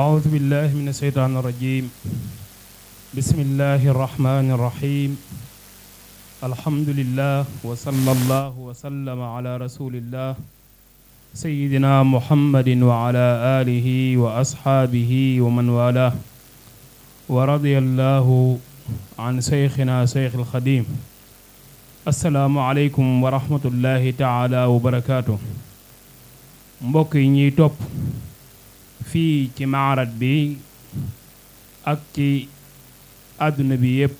أعوذ بالله من الشيطان الرجيم بسم الله الرحمن الرحيم الحمد لله وصلى الله وسلم على رسول الله سيدنا محمد وعلى آله وأصحابه ومن والاه ورضي الله عن شيخنا شيخ الخديم السلام عليكم ورحمة الله تعالى وبركاته mbokk yi ñuy topp fii ci maarat bi ak ci àdduna bi yépp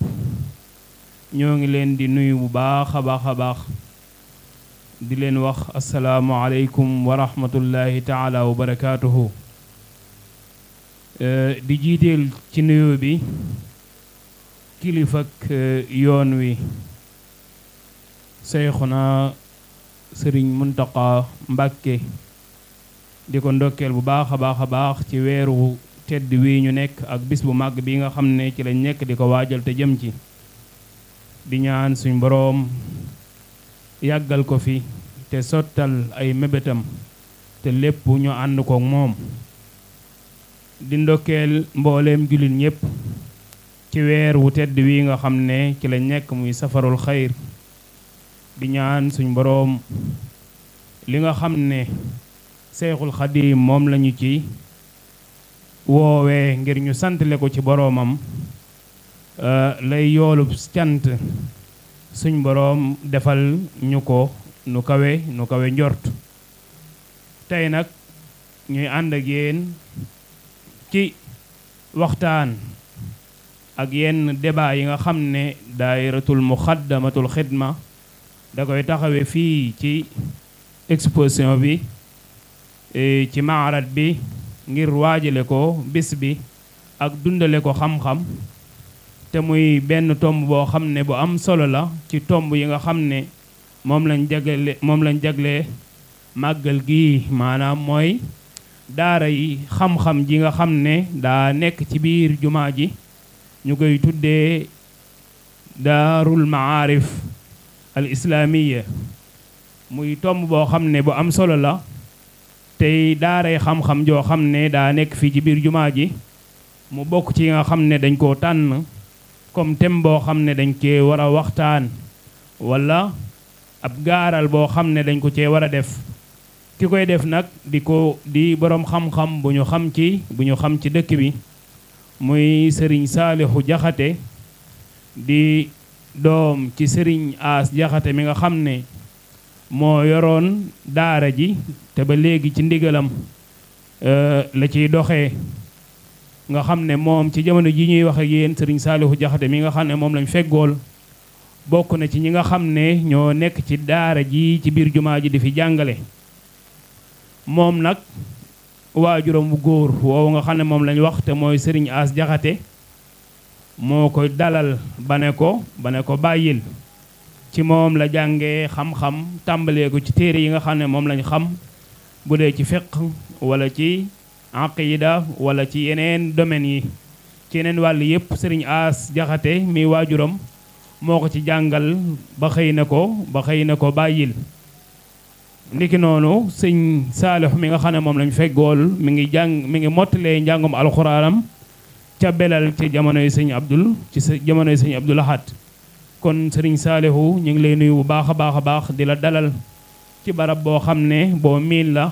ñoo ngi leen di nuyu bu baax a baax a baax di leen wax asalaamualeykum wa rahmatullahi taala wa eh, di jiiteel ci nuyu bi kilifak eh, yoon wi seyxuna sëriñ muntaqa mbàkke di ko ndokkeel bu baax a baax a baax ci weer wu tedd wii ñu nekk ak bis bu màgg bi nga xam ne ci lañ nekk di ko waajal te jëm ci di ñaan suñ boroom yàggal ko fi te sottal ay mébétam te lépp ñu ànd ko moom di ndokkeel mbooleem jullit ñépp ci weer wu tedd wii nga xam ne ci la nekk muy safarul xayr di ñaan suñ boroom li nga xam ne seexul xadiim moom lañu ci woowee ngir ñu santale ko ci boroomam euh, lay yoolub cant suñ boroom defal ñu ko nu kawe nu kawe njort tey nag ñuy ànd ak yéen ci waxtaan ak yenn débat yi nga xam ne daayiratul muxaddamatul xidma da koy taxawe fii ci exposition bi Eh, ci maarat bi ngir waajale ko bis bi ak dundale ko xam-xam te muy benn tomb boo xam ne bu am solo la ci tomb yi nga xam ne moom lañ jagle moom màggal gi maanaam mooy daara yi xam-xam ji nga xam ne daa nekk ci biir jumaa ji ñu koy tuddee daarul maarif al islaamiya muy tomb boo xam ne bu am solo la tey daaray xam-xam joo xam ne daa nekk fii ci biir jumaa ji mu bokk ci nga xam ne dañ koo tànn comme thème boo xam ne dañ cee war a waxtaan wala ab gaaral boo xam ne dañ ko cee war a def ki koy def nag di ko di boroom xam-xam bu ñu xam ci bu ñu xam ci dëkk bi muy sëriñ Saalihu Jaxate di doom ci sëriñ Aas Jaxate mi nga xam ne moo yoroon daara ji te ba léegi ci ndigalam euh, la ciy doxe nga xam ne moom ci jamono ji ñuy wax ak yéen sëriñ Saalihu Jaxate mi nga xam ne moom lañ feggool bokk na ci ñi nga xam ne ñoo nekk ci daara ji ci biir jumaa ji di fi jàngale moom nag waa bu góor woowu nga xam ne moom lañ wax te mooy sëriñ As Jaxate moo ko dalal ba ne ko ba ne ko bàyyil ci moom la jànge xam-xam ko ci téere yi nga xam ne moom lañu xam bu dee ci fiq walla ci aqida wala ci yeneen domaines yi ci yeneen wàll yëpp sëriñ As Jaxate mi waajuram moo ko ci jàngal ba xëy na ko ba xëy na ko bàyyil ndiki noonu sëñ Saalix mi nga xam ne moom lañu feggool mi ngi jàng mi ngi mottalee njàngum alxuraanam ca belal ci jamonoy sëñ Abdul ci jamonoy sëñ Abdul Ahad kon sëriñ Saalihu ñu ngi lay nuyu bu baax baax a baax di la dalal ci barab boo xam ne boo miin la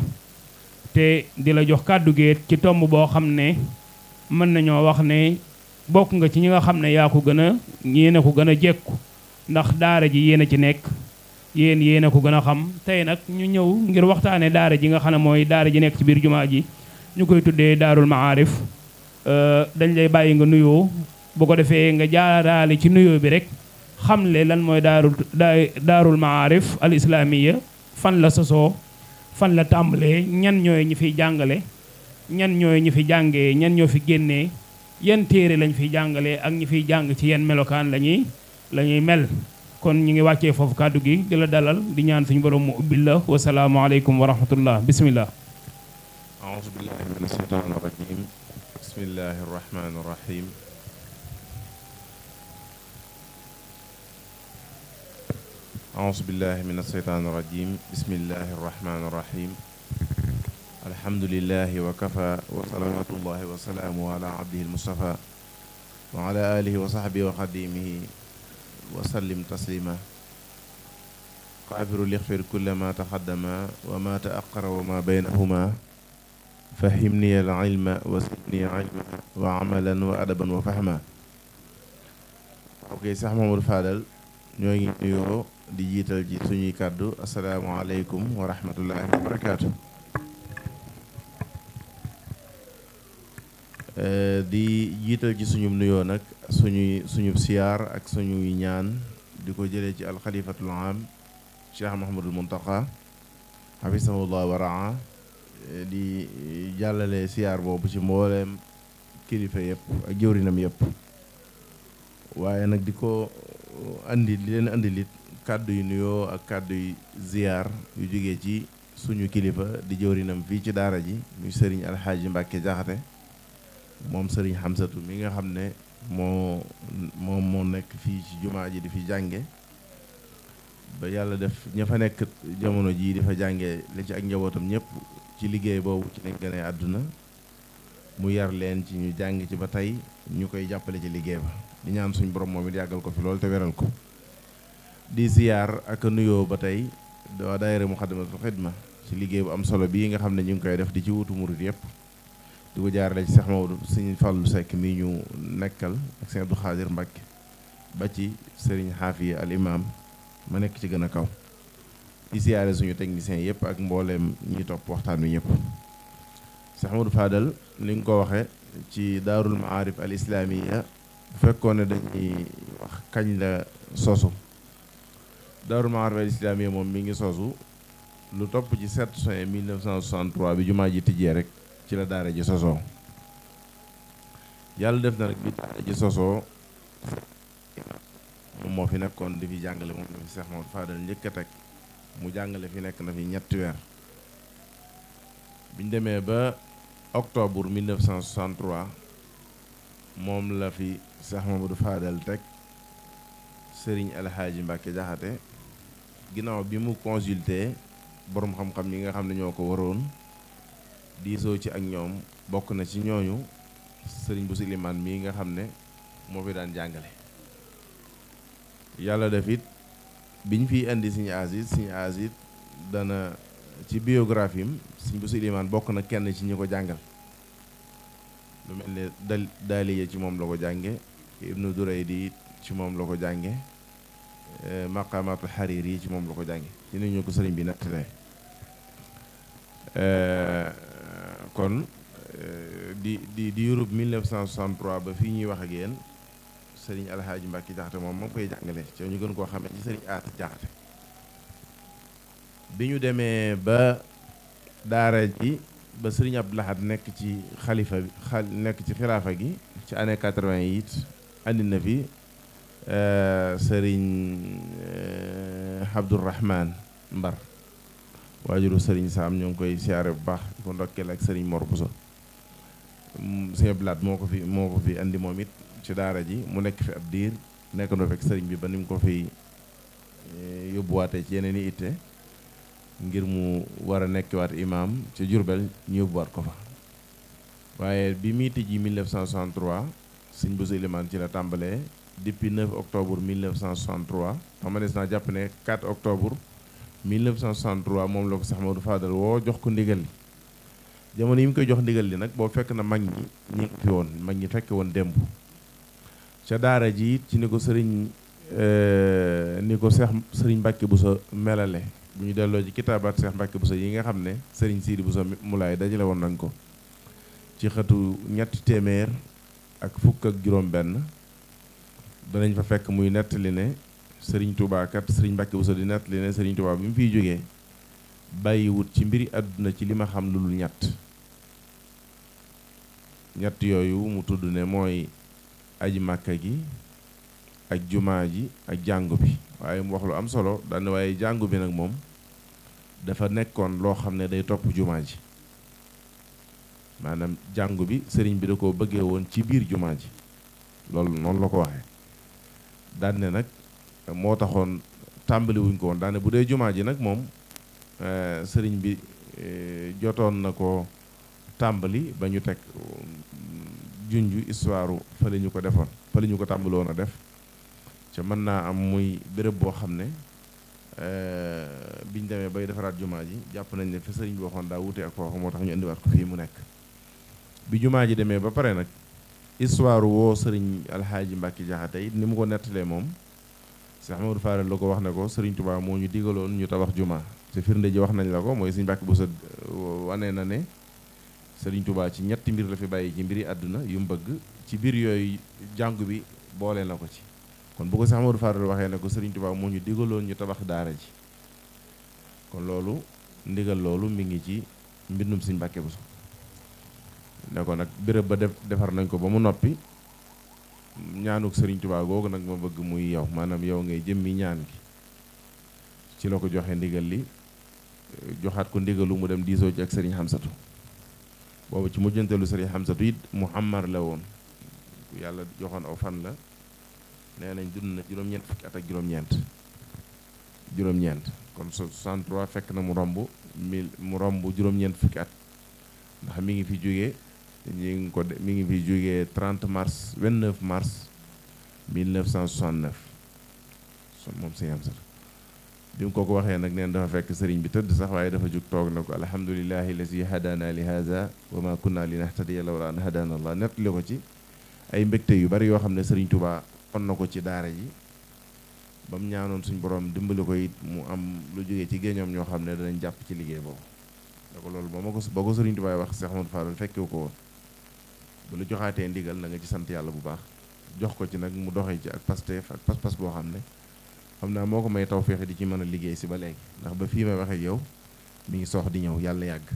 te di la jox kàddu géet ci tomb boo xam ne mën nañoo wax ne bokk nga ci ñi nga xam ne yaa ko gën a yéen a ko gën a jekku ndax daara ji yéen a ci nekk yéen yéen a ko gën a xam tey nag ñu ñëw ngir waxtaane daara ji nga xam ne mooy daara ji nekk ci biir jumaa ji ñu koy tuddee daarul maarif euh, dañ lay bàyyi nga nuyoo bu ko defee nga jaaraale ci nuyoo bi rek xamle lan mooy daarul daarul maarif al islaamiya fan la sosoo fan la tàmbalee ñan ñooy ñi fiy jàngale ñan ñooy ñi fi jàngee ñan ñoo fi génnee yan téere lañ fiy jàngalee ak ñi fiy jàng ci yan melokaan lañuy ñuy mel kon ñu ngi wàccee foofu kàddu gi di la dalal di ñaan suñu borom mu ubbil la wasalaamualeykum wa rahmatullah bismillah aousubillahi min أعوذ بالله من الشيطان الرجيم بسم الله الرحمن الرحيم الحمد لله وكفى وصلوات الله وسلامه على عبده المصطفى وعلى آله وصحبه وخديمه وسلم تسليما غافر ليغفر كل ما تقدم وما تأخر وما بينهما فهمني العلم وزدني علما وعملا وأدبا وفهما ok sax Mamadou Fadal ñoo ngi nuyoo di jiital ji suñuy kàddu asalaamaaleykum wa rahmatullahi wa barakaatu eh, di jiital ci suñu nuyoo nag suñuy suñu siyaar ak suñuy ñaan di ko jële ci alxalifatul am cheikh mahamadul muntaqa xafisahullah wa raa eh, di jàllale siyaar boobu ci mbooleem kilifa yëpp ak jëwrinam yëpp waaye nag di ko andi di leen indi lit kàddu yu nuyoo ak kàddu yu ziyaar yu jógee ci suñu kilifa di jëwrinam fii ci daara ji muy sëriñ alxaaji Mbàkke Jaxate moom sëriñ Xamsatu mi nga xam ne moo moom moo nekk fii ci jumaa ji di fi jànge ba yàlla def ña fa nekk jamono jii di fa jànge li ci ak njabootam ñëpp ci liggéey boobu ci lañ gënee àdduna mu yar leen ci ñu jàng ci ba tey ñu koy jàppale ci liggéey ba di ñaan suñu borom moom it yàggal ko fi loolu te weral ko di ziyaar ak nuyoo ba tey doo daayira Muxaddamatul Xidma ci liggéey bu am solo bii nga xam ne ñu ngi koy def di ci wutu murit yëpp di ko jaarale ci Seex Maodo Sëriñ Fàllu Sekk mi ñu nekkal ak Sëriñ Abdu Xaadir Mbàkke ba ci Sëriñ Xaafiya al imaam ma nekk ci gën a kaw di ziyaare suñu technicien yëpp ak mbooleem ñi topp waxtaan wi ñëpp Seex Maodo Fadal ni nga ko waxe ci daarul maarif al islaamiya bu fekkoon dañuy kañ la sosu daarul maarif al islaamiya moom mi ngi sosu lu topp ci 7 juin 1963 bi jumaa ji tijjee rek ci la daara ji sosoo yàlla def na rek bi daara ji sosoo moom moo fi nekkoon di fi jàngale moom la fi Seex Mamadu Faadal njëkk teg mu jàngale fi nekk na ñetti weer biñ demee ba octobre 1963 moom la fi Seex Mamadu Faadal teg Sëriñ Alxaaji Mbàkke Jaxate ginnaaw bi mu consulté boroom xam-xam yi nga xam ne ñoo ko waroon diisoo ci ak ñoom bokk na ci ñooñu sëriñ bu silimaan mii nga xam ne moo fi daan jàngale yàlla def it biñ fi indi siñu asit siñu asit dana ci biographie am siñ bu silimaan bokk na kenn ci ñu ko jàngal lu mel ne dal daaliya ci moom la ko jànge ibnu duray di ci moom la ko jànge maqaamaatul xariir yi ci moom la ko jàngi dinañu ko sëriñ bi nattalee euh, kon euh, di di di Europe 1963 ba fii ñuy wax ak yéen sëriñ alxaaji Mbàkke jaxate moom moom koy jàngale ci ñu gën koo xamee ci sëriñ aat jaxate bi ñu demee ba daara ji ba sëriñ Abdou Lahad nekk ci xalifa bi nekk ci xilaafa gi ci année 80 it andi na fi Eh, sëriñ eh, Abdourahman Mbar waajuru sëriñ Saam ñoo ngi koy siyaare bu baax di ko ndokkeel ak sëriñ Mor Bousso mm, sëñ Blaat moo ko fi moo ko fi andi moom it ci daara ji mu nekk fi ab diir nekk na fekk sëriñ bi ba ni mu ko fi eh, yóbbuwaatee ci yeneen i itte ngir mu war a nekkiwaat imaam ci Jurbel ñu yóbbuwaat ko fa waaye bi muy tijji 1963 sëñ Bousso Elimane ci la tàmbalee depuis 9 octobre 1963 xam manees naa jàpp ne 4 octobre 1963 moom la ko sax Maodo Fadal woo jox ko ndigal li jamono yi mu koy jox ndigal li nag boo fekk na mag ñi ñi fi woon mag ñi fekk woon démb ca daara ji ci ni ko sëriñ euh, ni ko seex sëriñ Mbàkke bu sa melale bu ñu delloo ci kitaabaat seex Mbàkke bu sa yi nga xam ne sëriñ Siidi bu sa mulaay dajale woon nañ ko ci xëtu ñetti téeméer ak fukk ak juróom benn danañ fa fekk muy nettali ne sëriñ Touba sëriñ Mbàkke Bousso di nettali ne sëriñ Touba bi mu fiy jógee bàyyiwut ci mbiri àdduna ci li ma xam lu dul ñett ñett yooyu mu tudd ne mooy aji màkka gi ak jumaa ji ak jàngu bi waaye mu wax lu am solo daane waaye jàngu bi nag moom dafa nekkoon loo xam ne day topp jumaa ji maanaam jàngu bi sëriñ bi da koo bëggee woon ci biir jumaa ji loolu noonu la ko waxee daan nag moo taxoon tàmbaliwuñ ko woon daan bu dee jumaa ji nag moom eh, sëriñ bi eh, jotoon na ko tàmbali ba ñu teg mm, junj histoire fa la ñu ko defoon fa la ñu ko tàmbali woon a def ca mën naa am muy béréb boo xam ne eh, biñ demee bay defaraat jumaa ji jàpp nañ ne fi sëriñ bi waxoon daa wutee ak foofu moo tax ñu indiwaat ko fii mu nekk bi jumaa ji demee ba pare nag histoire woo sëriñ alxaaji Mbàkke Jaxate it ni mu ko nettalee moom Cheikh Amadou Faral la ko wax ne ko sëriñ tubaa moo ñu digaloon ñu tabax jumaa te firnde ji wax nañ la ko mooy sëriñ Mbàkke bu sa na ne sëriñ Tuubaa ci ñetti mbir la fi bàyyi ci mbiri àdduna yu mu bëgg ci biir yooyu jàngu bi boole na ko ci kon bu ko Cheikh Amadou Faral waxee ne ko sëriñ Tuubaa moo ñu digaloon ñu tabax daara ji kon loolu ndigal loolu mi ngi ci mbindum sëriñ Mbàkke bu so ne ko nag béréb ba def defar nañ ko ba mu noppi ñaanuk sëriñ Tuubaa googu nag ma bëgg muy yow maanaam yow ngay jëmmi ñaan gi ci la ko joxe ndigal li joxaat ko ndigalu mu dem diisoo ci ak sëriñ Xamsatu boobu ci mujjanteelu sëriñ Xamsatu it Muhammar la woon yàlla joxoon aw fan la nee nañ dund na juróom-ñeent fukki at ak juróom-ñeent juróom-ñeent kon 63 fekk na mu romb mil mu romb juróom-ñeent fukki at ndax mi ngi fi jógee ñu ngi ko mi ngi fi jógee 30 mars 29 mars 1969 son moom sëñ Amsatu bi mu ko ko waxee nag neen dafa fekk sëriñ bi tëdd sax waaye dafa jóg toog na ko alhamdulilahi lazi hadana li haza wa ma kunna li nahtadiya lawla an hadana ko ci ay mbégte yu bari yoo xam ne sëriñ Tuubaa on na ko ci daara yi ba mu ñaanoon suñ borom dimbali ko it mu am lu jógee ci géñoom ñoo xam ne danañ jàpp ci liggéey boobu da ko loolu ba ma ko ba ko sëriñ Tuubaa wax Seex Ahmadu Faadal fekkewu ko bu la joxaatee ndigal na nga ci sant yàlla bu baax jox ko ci nag mu doxee ci ak pasteef ak pas-pas boo xam ne xam naa moo ko may taw feexe di ci mën a liggéey si ba léegi ndax ba fii may waxee yow mi ngi soox di ñëw yàlla yàgg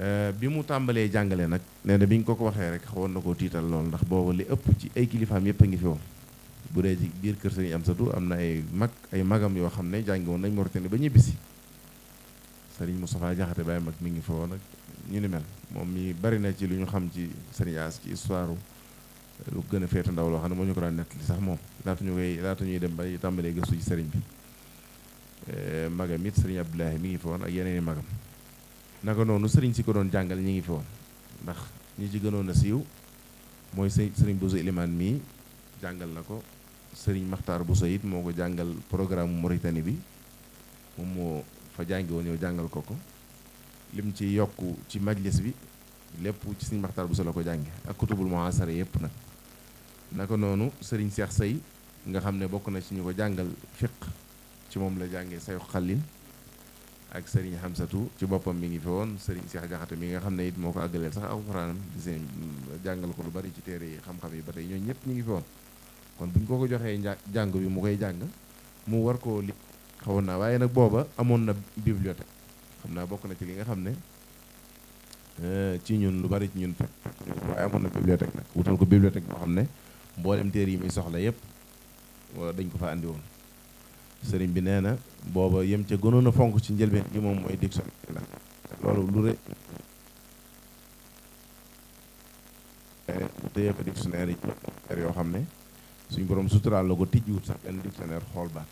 euh, bi mu tàmbalee jàngale nag nee na bi ñu ko ko waxee rek xawoon na koo tiital lool ndax boobu li ëpp ci ay kilifaam yëpp a ngi fi woon bu dee ci biir kër sëriñ Amsatu am na ay mag ay magam yoo xam ne jàngi woon nañ Mauritanie ba ñibbisi sëriñ Moustapha Jaxate Baye mag mi ngi fi woon ñu ni mel moom mi bari na ci lu ñu xam ci Serigne Ass ci histoire lu gën a féete ndaw loo xam ne moo ñu ko daan nettali sax moom laatu ñu koy laata ñuy dem ba tàmbalee gëstu ci sëriñ bi eh, magam it sëriñ Abdoulahi mi ngi fi ak yeneen i magam naka noonu sëriñ si ko doon jàngal ñi ngi fi ndax ñi ci gënoon a siiw mooy së sëriñ Bousso Elimane mii jàngal na ko sëriñ Makhtar bu it moo ko jàngal programme Mauritanie bi moom moo fa jàngi woon yow jàngal ko ko lim ci yokk ci majlis bi lépp ci sëñ bu Buso la ko jànge ak kutubul muhaasara yëpp nag naka noonu sëriñ Seex Sey nga xam ne bokk na ci ñu ko jàngal fiq ci moom la jàngee sayu xallin ak sëriñ Xamsatu ci boppam mi ngi fi sëriñ Seex Jaxate mi nga xam ne it moo ko àggaleel sax alxuraanam di seen jàngal ko lu bari ci téere yi xam-xam yi ba tey ñooñu ñëpp ñu ngi fi woon kon buñ ko ko joxee jàng bi mu koy jàng mu war ko li xawoon naa waaye nag booba amoon na bibliothèque naa bokk na ci li nga xam ne euh, ci ñun lu bari ci ñun fekk waaye amoon na bibliothèque nag wutal ko bibliothèque boo xam ne mboolem téere yi muy soxla yëpp euh, dañ ko fa andi woon sëriñ bi nee na booba yem ca gënoon a fonk ci njëlbeen gi moom mooy dictionnaire la loolu lu rëy téye fa dictionnaire yi yoo xam ne suñ borom suturaal la ko tijjiwut sax benn dictionnaire xool baat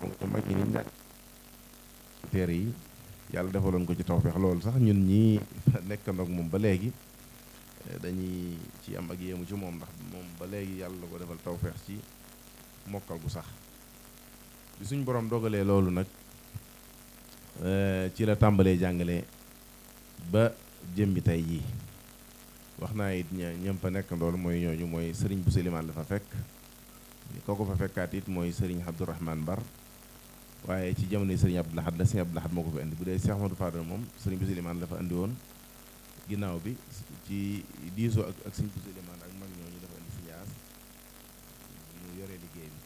donc teere yi yàlla defaloon ko ci tawfeex loolu sax ñun ñi ñii nekkandoog moom ba léegi eh, dañuy ci am ak yéemu ci moom ndax moom ba léegi yàlla ko defal tawfeex ci mokkal gu sax bi suñ borom dogalee loolu nag eh, ci la tàmbalee jàngale ba jëmbi tey yii wax naa it ñam fa nekk loolu mooy ñooñu mooy sëriñ bu Selimaan la fa fekk kooku fa fekkaat it mooy sëriñ Abdourahman Bar waaye ci jamono yi sëriñ Abdou Lahad la sëriñ Abdou Lahad indi bu dee Cheikh Amadou moom sëriñ Bousso Elimane la fa indi woon ginnaaw bi ci diisoo ak ak sëriñ Bousso Elimane ak mag ñooñu dafa indi sëriñ As mu yore liggéey bi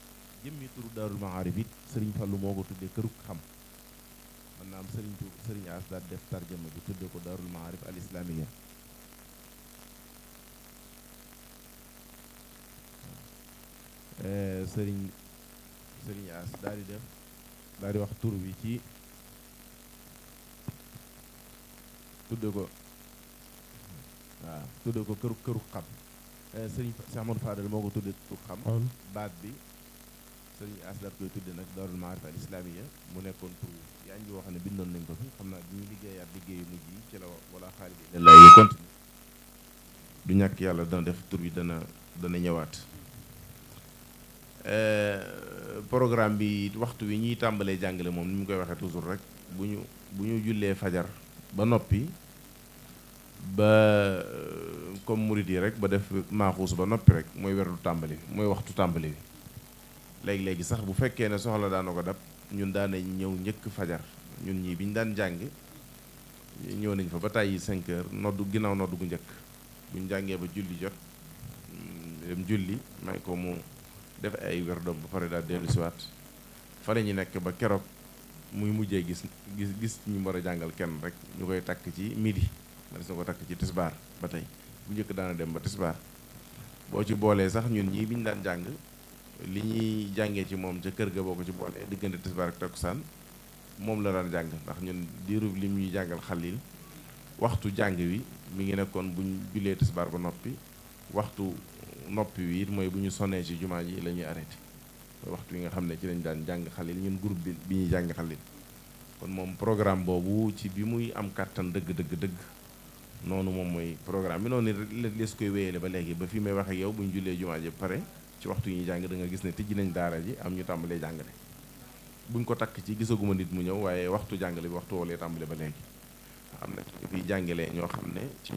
jëmmi turu Daarul Maarif it sëriñ Fallu moo ko tuddee këruk xam man naam sëriñ tu sëriñ As daal def tarjama bi tuddee ko Daarul Maarif al Islamiya eh, sëriñ daal di def daal di wax tur wi ci tudde ko waaw tudde ko këru këru xam eh, sëñ Samour Fadal moo ko tuddee këru xam baat bi sëñ asdar koy tudde nag daarul maarifa al islamiya mu nekkoon tur yaa ngi wax ne bindoon nañ ko fi xam naa bi ñu liggéeyaat liggéeyu mujj yi ci la wala xaalis yi lay continue du ñàkk yàlla dana def tur wi dana dana ñëwaat Euh, programme bi waxtu wi ñuy tàmbalee jàngale moom ni mu koy waxee toujours rek bu ñu bu ñu jullee fajar ba noppi ba euh, comme murid yi rek ba def maaxuus ba noppi rek mooy werdu tàmbali mooy waxtu tàmbali bi léegi-léegi sax bu fekkee ne soxla daana ko dab ñun daana ñëw njëkk fajar ñun ñii bi ñu daan jàng ñëw nañ fa ba tàyyi 5 heures noddu ginnaaw noddu gu njëkk bu jàngee ba julli jot mm, dem julli may ko def ay werdoom ba pare daal dellu siwaat fa ñu nekk ba keroog muy mujjee gis gis gis ñu war a jàngal kenn rek ñu koy takk ci midi ma des na ko takk ci tisbaar ba tey bu njëkk daana dem ba tisbaar boo ci boolee sax ñun ñii biñ daan jàng li ñuy jàngee ci moom ca kër ga boo ko ci boolee diggante tisbaar ak takkusaan moom la daan jàng ndax ñun diirub li ñuy jàngal xalil waxtu jàng wi mu ngi nekkoon bu ñu jullee tisbaar ba noppi waxtu noppi wi mooy bu ñu sonnee ci jumaa ji la ñuy arrêté waxtu yi nga xam ne ci lañ daan jàng xalil ñun groupe bi bi ñuy jàng xalil kon moom programme boobu ci bi muy am kàttan dëgg dëgg noonu moom mooy programme bi noonu su koy wéyale ba léegi ba fi may wax ak yow bu ñu jullee jumaa ji pare ci waxtu yi ñuy jàng da nga gis ne tijji nañ daara ji am ñu tàmbalee jàngale buñ ko takk ci gisaguma nit mu ñëw waaye waxtu jàngale bi waxtu woolee tàmbale ba léegi am na fi jàngale ñoo xam ne ci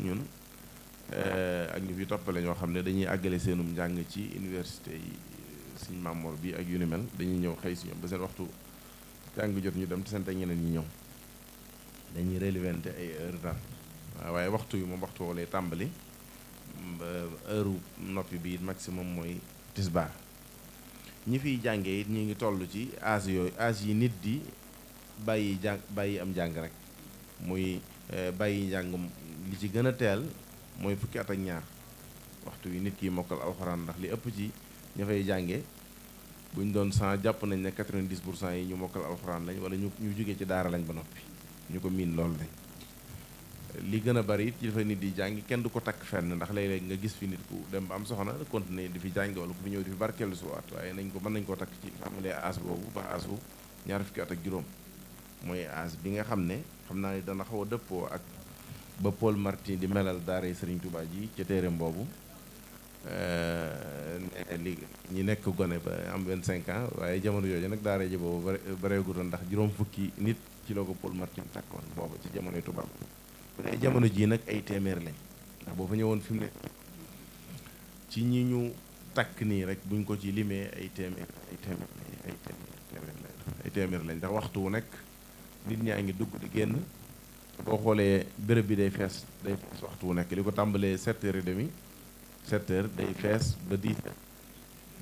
Euh, ak ñu fi toppale ñoo xam ne dañuy àggale seenum njàng ci université yi euh, suñ Mamor bi ak yu ni dañuy ñëw xëy si ñoom ba seen waxtu jàng jot ñu dem te seen ak ñeneen ñi ñëw dañuy relevanté ay retard waaye waxtu yu moom waxtu woo tàmbali ba heure noppi bi maximum mooy tisbaar ñi fiy jàngee it ñu ngi tollu ci âge yooyu âge yi nit di bàyyi jàng bàyyi am jàng rek muy euh, bàyyi njàngum li ci gën a teel mooy fukki at ak ñaar waxtu wi nit ki mokkal aw alxuraan ndax li ëpp ci ña fay jànge ñu doon 100 jàpp nañ ne 90 pour cent yi ñu mokkal alxuraan lañ wala ñu ñu jógee ci daara lañ ba noppi ñu ko miin lool lañ li gën a bari it ci dafa nit di jàngi kenn du ko takk fenn ndax léeg-léeg nga gis fi nit ku dem ba am soxna continuer di fi jàngi wala ku fi ñëw di fi barkeelu suwaat waaye nañ ko mën nañ koo takk ci xamalee aas boobu ba aas bu ñaar fukki at juróom mooy bi nga xam ne xam naa ne dana xaw a dëppoo ak ba Paul Marty di melal daara Serigne Touba ji ci téereem boobu euh, ne ñi nekk gone ba am 25 ans waaye jamono jooju nag daara ji boobu bare bareegutoon ndax juróom fukki nit ci loo ko Paul Marty takkoon boobu ci jamonoy tubaab bu ne jamono jii nag ay téeméer lañ ndax boo fa ñëwoon fi mu ne ci ñi ñu takk nii rek buñ ko ci limee ay téeméer ay téeméer ay téeméer ay téeméer lañ ndax waxtu wu nekk nit ñaa ngi dugg di génn. boo xoolee bërëb bi day fees day fees waxtu wu nekk li ko tàmbalee 7 heures et demi 7 day fees ba 10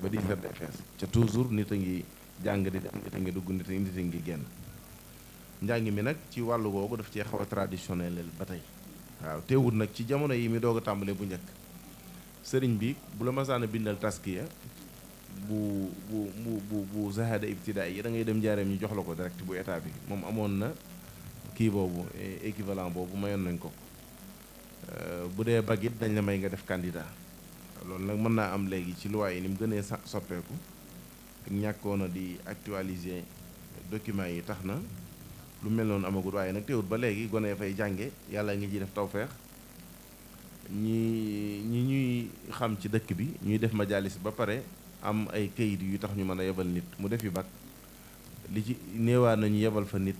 ba 10 heures day fees ca toujours nit a ngi jàng di dem nit a ngi dugg nit a ngi génn njàng mi nag ci wàll googu daf cee xaw a ba tey waaw teewut nag ci jamono yi mi doog a tàmbalee bu njëkk sëriñ bi bu la masaana bindal taskiya bu bu bu bu bu zahada ibtidaa yi da dem jaareem ñu jox la ko direct bu état bi moom amoon na kii boobu eh, équivalent boobu mayoon nañ ko euh, bu dee bag it dañ la may nga def candidat loolu nag mën naa am léegi ci loi yi ni mu gënee soppeeku ak ñàkkoon di actualise document yi tax na lu mel noonu amagul waaye nag teewut ba léegi gone fay jànge yàlla ngi ciy def tawfeex ñi ñi ñuy xam ci dëkk bi ñuy def majalis ba pare am ay kayit yu tax ñu mën a yebal nit mu def yi bag li ci néewaa nañu yebal fa nit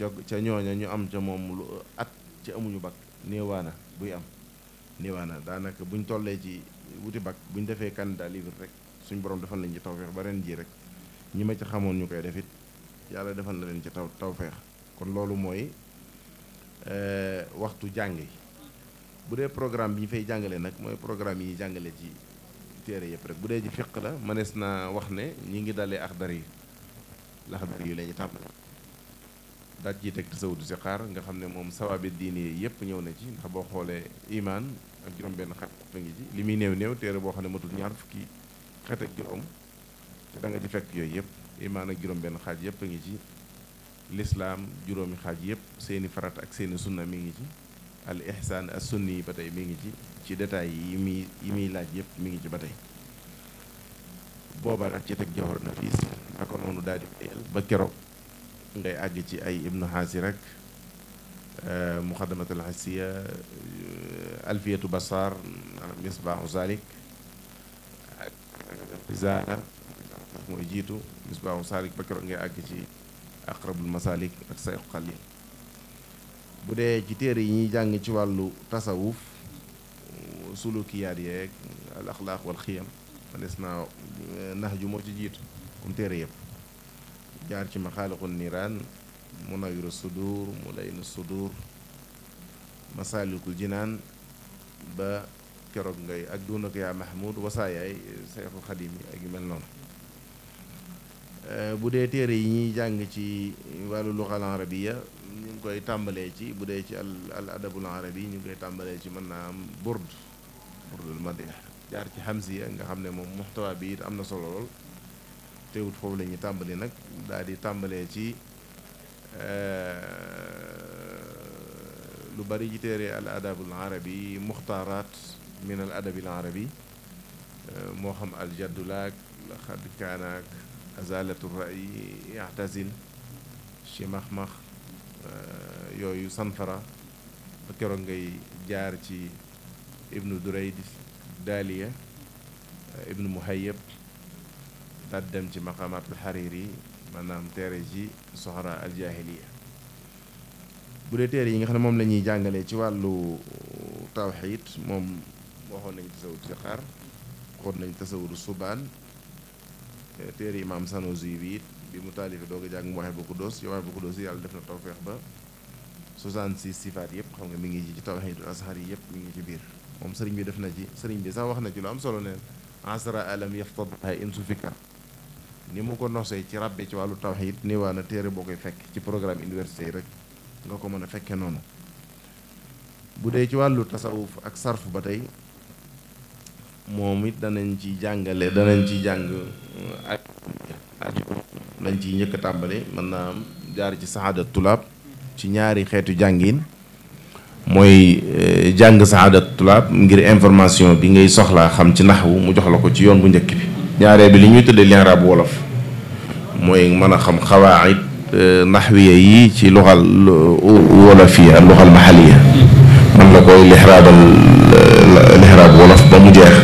ca ca ñooña ñu am ca moom lu at ci amuñu bac néewaana buy am néewaana daanaka buñ tollee ci wuti bac buñ defee candidat libre rek suñ borom defal nañ ci tawfeex ba jii rek ñi ma ci xamoon ñu koy def it yàlla defal na leen ci taw tawfeex kon loolu mooy eh, waxtu jàng yi bu dee programme bi ñu fay jàngale nag mooy programme yi jàngale ci téere yëpp rek bu dee ci fiq la mënees naa wax ne ñi ngi dalee axdar yi laxdar yu la ñu daal ciy teg tasawudu si xaar nga xam ne moom sawaabi diine yëpp ñëw na ci ndax boo xoolee imaan ak juróom-benn xat li muy néew néew téere boo xam ne matul ñaar fukki xet ak fekk yooyu yëpp imaan ak juróom xaaj yëpp a ngi ci lislaam juróomi xaaj yëpp seeni farat ak seeni sunna mi ngi ci al ihsaan as sunni yi ba tey mi ngi ci ci détails yi muy yi muy laaj yëpp mi ngi ci ba tey boobaa nag ci teg jawhar nafiis naka noonu daal ba keroog ngay àgg ci ay ibnu xaasi rek euh, muxadamatul xasiya euh, alfiyatu basaar misbaaxu salik risaala euh, mooy jiitu misbaaxu salik ba keroog ngay àgg ci aqrabul masalik ak sayxu xalil bu dee ci téere yi ñuy jàng ci wàllu tasawuf sulukiyaat yeeg al axlaaq wal xiyam manes naa nax ju moo ci jiitu comme yëpp jaar ci maxaaliqu niiraan munawiru sudur mu laynu sudur masaalikul jinaan ba keroog ngay ak duna ko yaa mahmud wasaayaay seexul xadim yi ak yu mel noonu eh, bu dee téere yi ñuy jàng ci wàllu luxal arabiya ñu koy tàmbalee ci bu dee ci al adabul arabi ñu ngi koy tàmbalee ci mën naa am burd burdul madih jaar ci hamziya nga xam ne moom muxtawa bi am na solo lool teewut foofu lañuy ñuy tàmbali nag daal di tàmbalee ci euh, lu bari ji téere al adabul arabi muxtaaraat min al adabil arabi euh, moo xam al jaddulaak xad kaanaak azalatu ray yaxtasil shimaxmax euh, yooyu sanfara ba keroog ngay jaar ci ibnu durayd daaliya ibnu muhayyab daal dem ci maqaamaatul xariiri maanaam teere ji soxara al jaahiliya bu dee teere yi nga xam ne moom nañuy ñuy jàngalee ci wàllu tawxiid moom waxoon nañ tasawur fiqar waxoon nañ tasawur subaan teere yi maam Sanusi bi bi mu taalifee doog a jàng mu waxee bu Xuddoos yow waxee bu Xuddoos yi yàlla def na tawfeex ba 66 sifaat yëpp xam nga mi ngi ci tawxiidul asxar yi yëpp mu ngi ci biir moom seriñ bi def na ci sëriñ bi sax wax na ci lu am solo neen asra alam yaftadha ni mu ko nosee ci ràbbe ci wàllu tawxiid ni waa na téere boo koy fekk ci programme université rek nga ko mën a fekkee noonu bu dee ci wàllu tasawuf ak sarf ba tey moom it danañ ci jàngale danañ ci jàng euh, ak dañ ciy njëkk a tàmbali mën naa am jaar ci saxaada tulaab ci ñaari xeetu jàngin mooy euh, jàng saxaada tulaab ngir information bi ngay soxlaa xam ci naxwu mu jox la ko ci yoon bu njëkk bi ñaaree bi li ñuy tuddee li'raab wolof mooy mën a xam xawaayid euh, naxwiya yi ci luxal euh, wolofiya luxal maxaliya mën na koy lixraabal euh, lixraab wolof ba mu jeex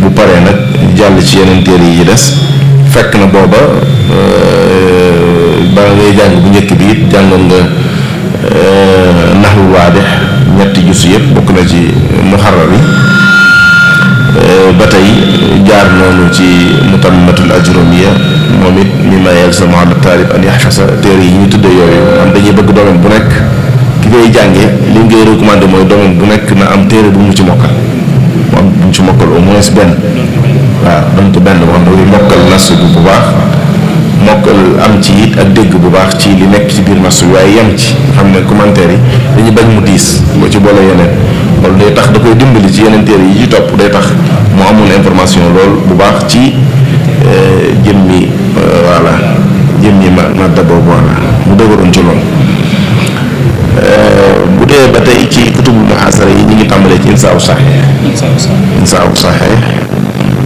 bu paree nag jàll ci yeneen téere yi des fekk na booba ba ngay jàng bu njëkk bi it jàngoon nga naxwu waadix ñetti jus yëpp bokk na ci muxarrar yi Euh, ba tey jaar noonu ci mutammatul ajromiya moom it mi ma yalzamu ala taalib an yaxfasa téere yi ñu tuddee yooyu am dañuy bëgg domaine bu nekk ki koy jànge li ngay recommandé mooy domaine bu nekk na am téere bu mu ci mokkal mu am bu mu ci mokkal au moins benn waaw donte benn moom dañuy mokkal nas bu baax mokkal am ci it ak dégg bu baax ci li nekk ci biir mass bi waaye yem ci xam ne commentaire yi dañu bañ mu diis boo ci boole yeneen loolu day tax da koy dimbali ci yeneen téere yi ci topp day tax mu amul information lool bu baax ci euh, jëmmi euh, voilà jëmmi ma madda boobu voilà mu dëgëroon ci lool euh, bu dee ba tey ci kutubu muhaasara yi ñu ngi tàmbalee ci insaaw saxe insaaw saxe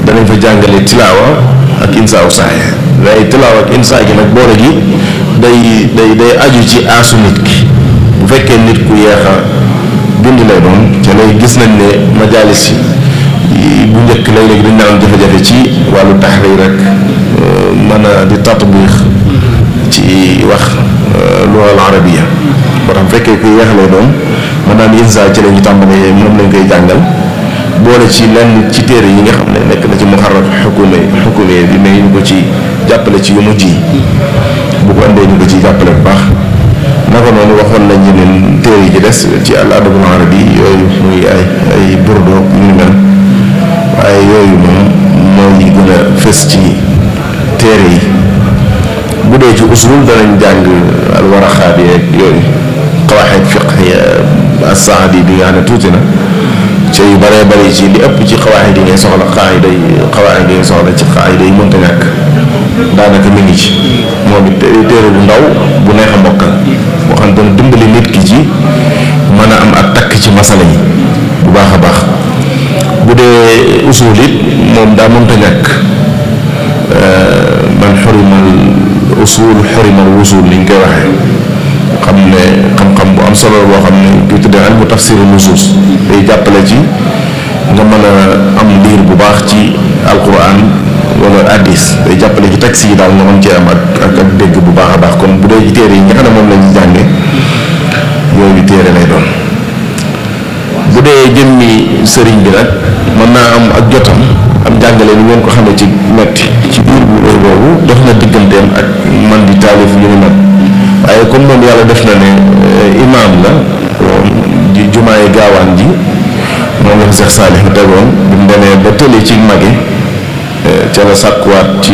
danañ fa jàngale tilaawa ak insa wu saay waaye tilaaw ak insa gi nag boole gi day day day aju ci aasu nit ki bu fekkee nit ku yeex a bind lay doon te lay gis nañ ne majaalis yi bu njëkk la léeg dañ naan jafe-jafe ci wàllu taxriir rek euh, mën a di tatbiix ci wax euh, lugal arabiya moo tax bu fekkee ku yeex lay doon mën naa ni insa ci lañu tàmbalee moom lañ koy jàngal boole ci lenn ci téere yi nga xam ne nekk na ci mu muharrar xukume xukume bi mais ñu ko ci jàppale ci yu mujj yi bu ko andee ñu ko ci jàppale bu baax na ko noonu waxoon nañ ne téere yi des ci al adabul arabi yooyu muy ay ay burdo ñu mel waaye yooyu moom mooy yi gën a fës ci téere yi bu dee ci usul danañ jàng al waraxaat yeeg yooyu xawaaxeeg fiq ya as saadi bi nga xam ne tuuti na ca yu bëree bëri ci li ëpp ci xawaayid yi ngay soxla xaayida yi xawaayid yi ngay soxla ci xaayida yi mënta ñàkk daanaka mi ngi ci moom it téere bu ndaw bu neex a mbokkal boo xam te ne nit ki ci mën a am ak takk ci masala yi bu baax a baax bu dee usul it moom daa mënta ñàkk euh, man xorimal usul xorimal wusul liñ koy waxee am ne xam-xam bu am solo boo xam ne du tuddee al bu tafsiru nusuus day jàppale ci nga mën a am liir bu baax ci alquran wala hadis day jàppale ci taxi yi daal nga mën cee am ak dégg bu baax baax kon bu dee ci téere yi nga xam ne moom la ñu jànge yooyu téere lay doon bu sëriñ bi nag mën naa am ak jotam am jàngale ni ngeen ko xamee ci metti ci biir bu boobu dox na digganteem ak man di taalif yu ni nag waaye comme moom yàlla def na ne euh, imaam la ji jumaay gaawaan ji moom la fi Seex Saalix tegoon bu mu demee ba tële ci mage euh, ca la sàkkuwaat ci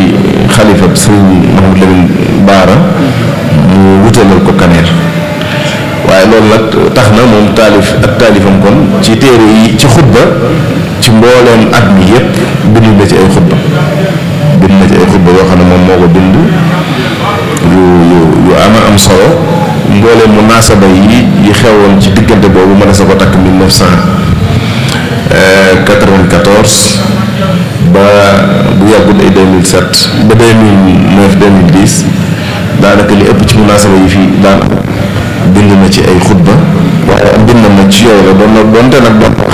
xalifa sëriñ Mahmoud Lamine Baara mu wutalal ko kaneer waaye loolu nag tax na moom taalif ak taalifam kon ci téere yi ci xutba ci mbooleem at mi yépp bind na ci ay xutba bind na ci ay xutba yoo xam ne moom moo ko bind ama am solo mbooleem munaasaba yi yi xewoon ci diggante boobu ma ne sa ko takk 1994 euh, ba bu yàggul ay 2007 ba 2009 2010 daanaka li ëpp ci munaasaba yi fii daan bind na ci ay xutba waaye am bind na ci yooyu la doon na nag doon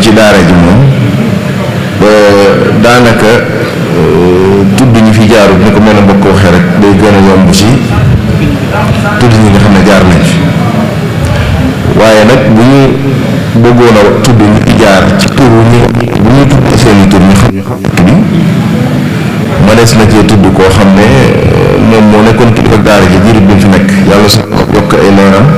ci daara ji moom daanaka euh, tudd ñi fi jaarut ni ko mën a mbokk waxee rek day gën a yomb ci tudd ñi nga xam ne jaar nañ fi waaye nag bu ñu bëggoon a tudd ñi fi jaar ci tur mu bu ñuy seeni tur ñu na cee tudd koo xam ne euh, moom moo nekkoon kilifa daara ji diiru bi mu fi nekk yàlla sax yokk ay leeram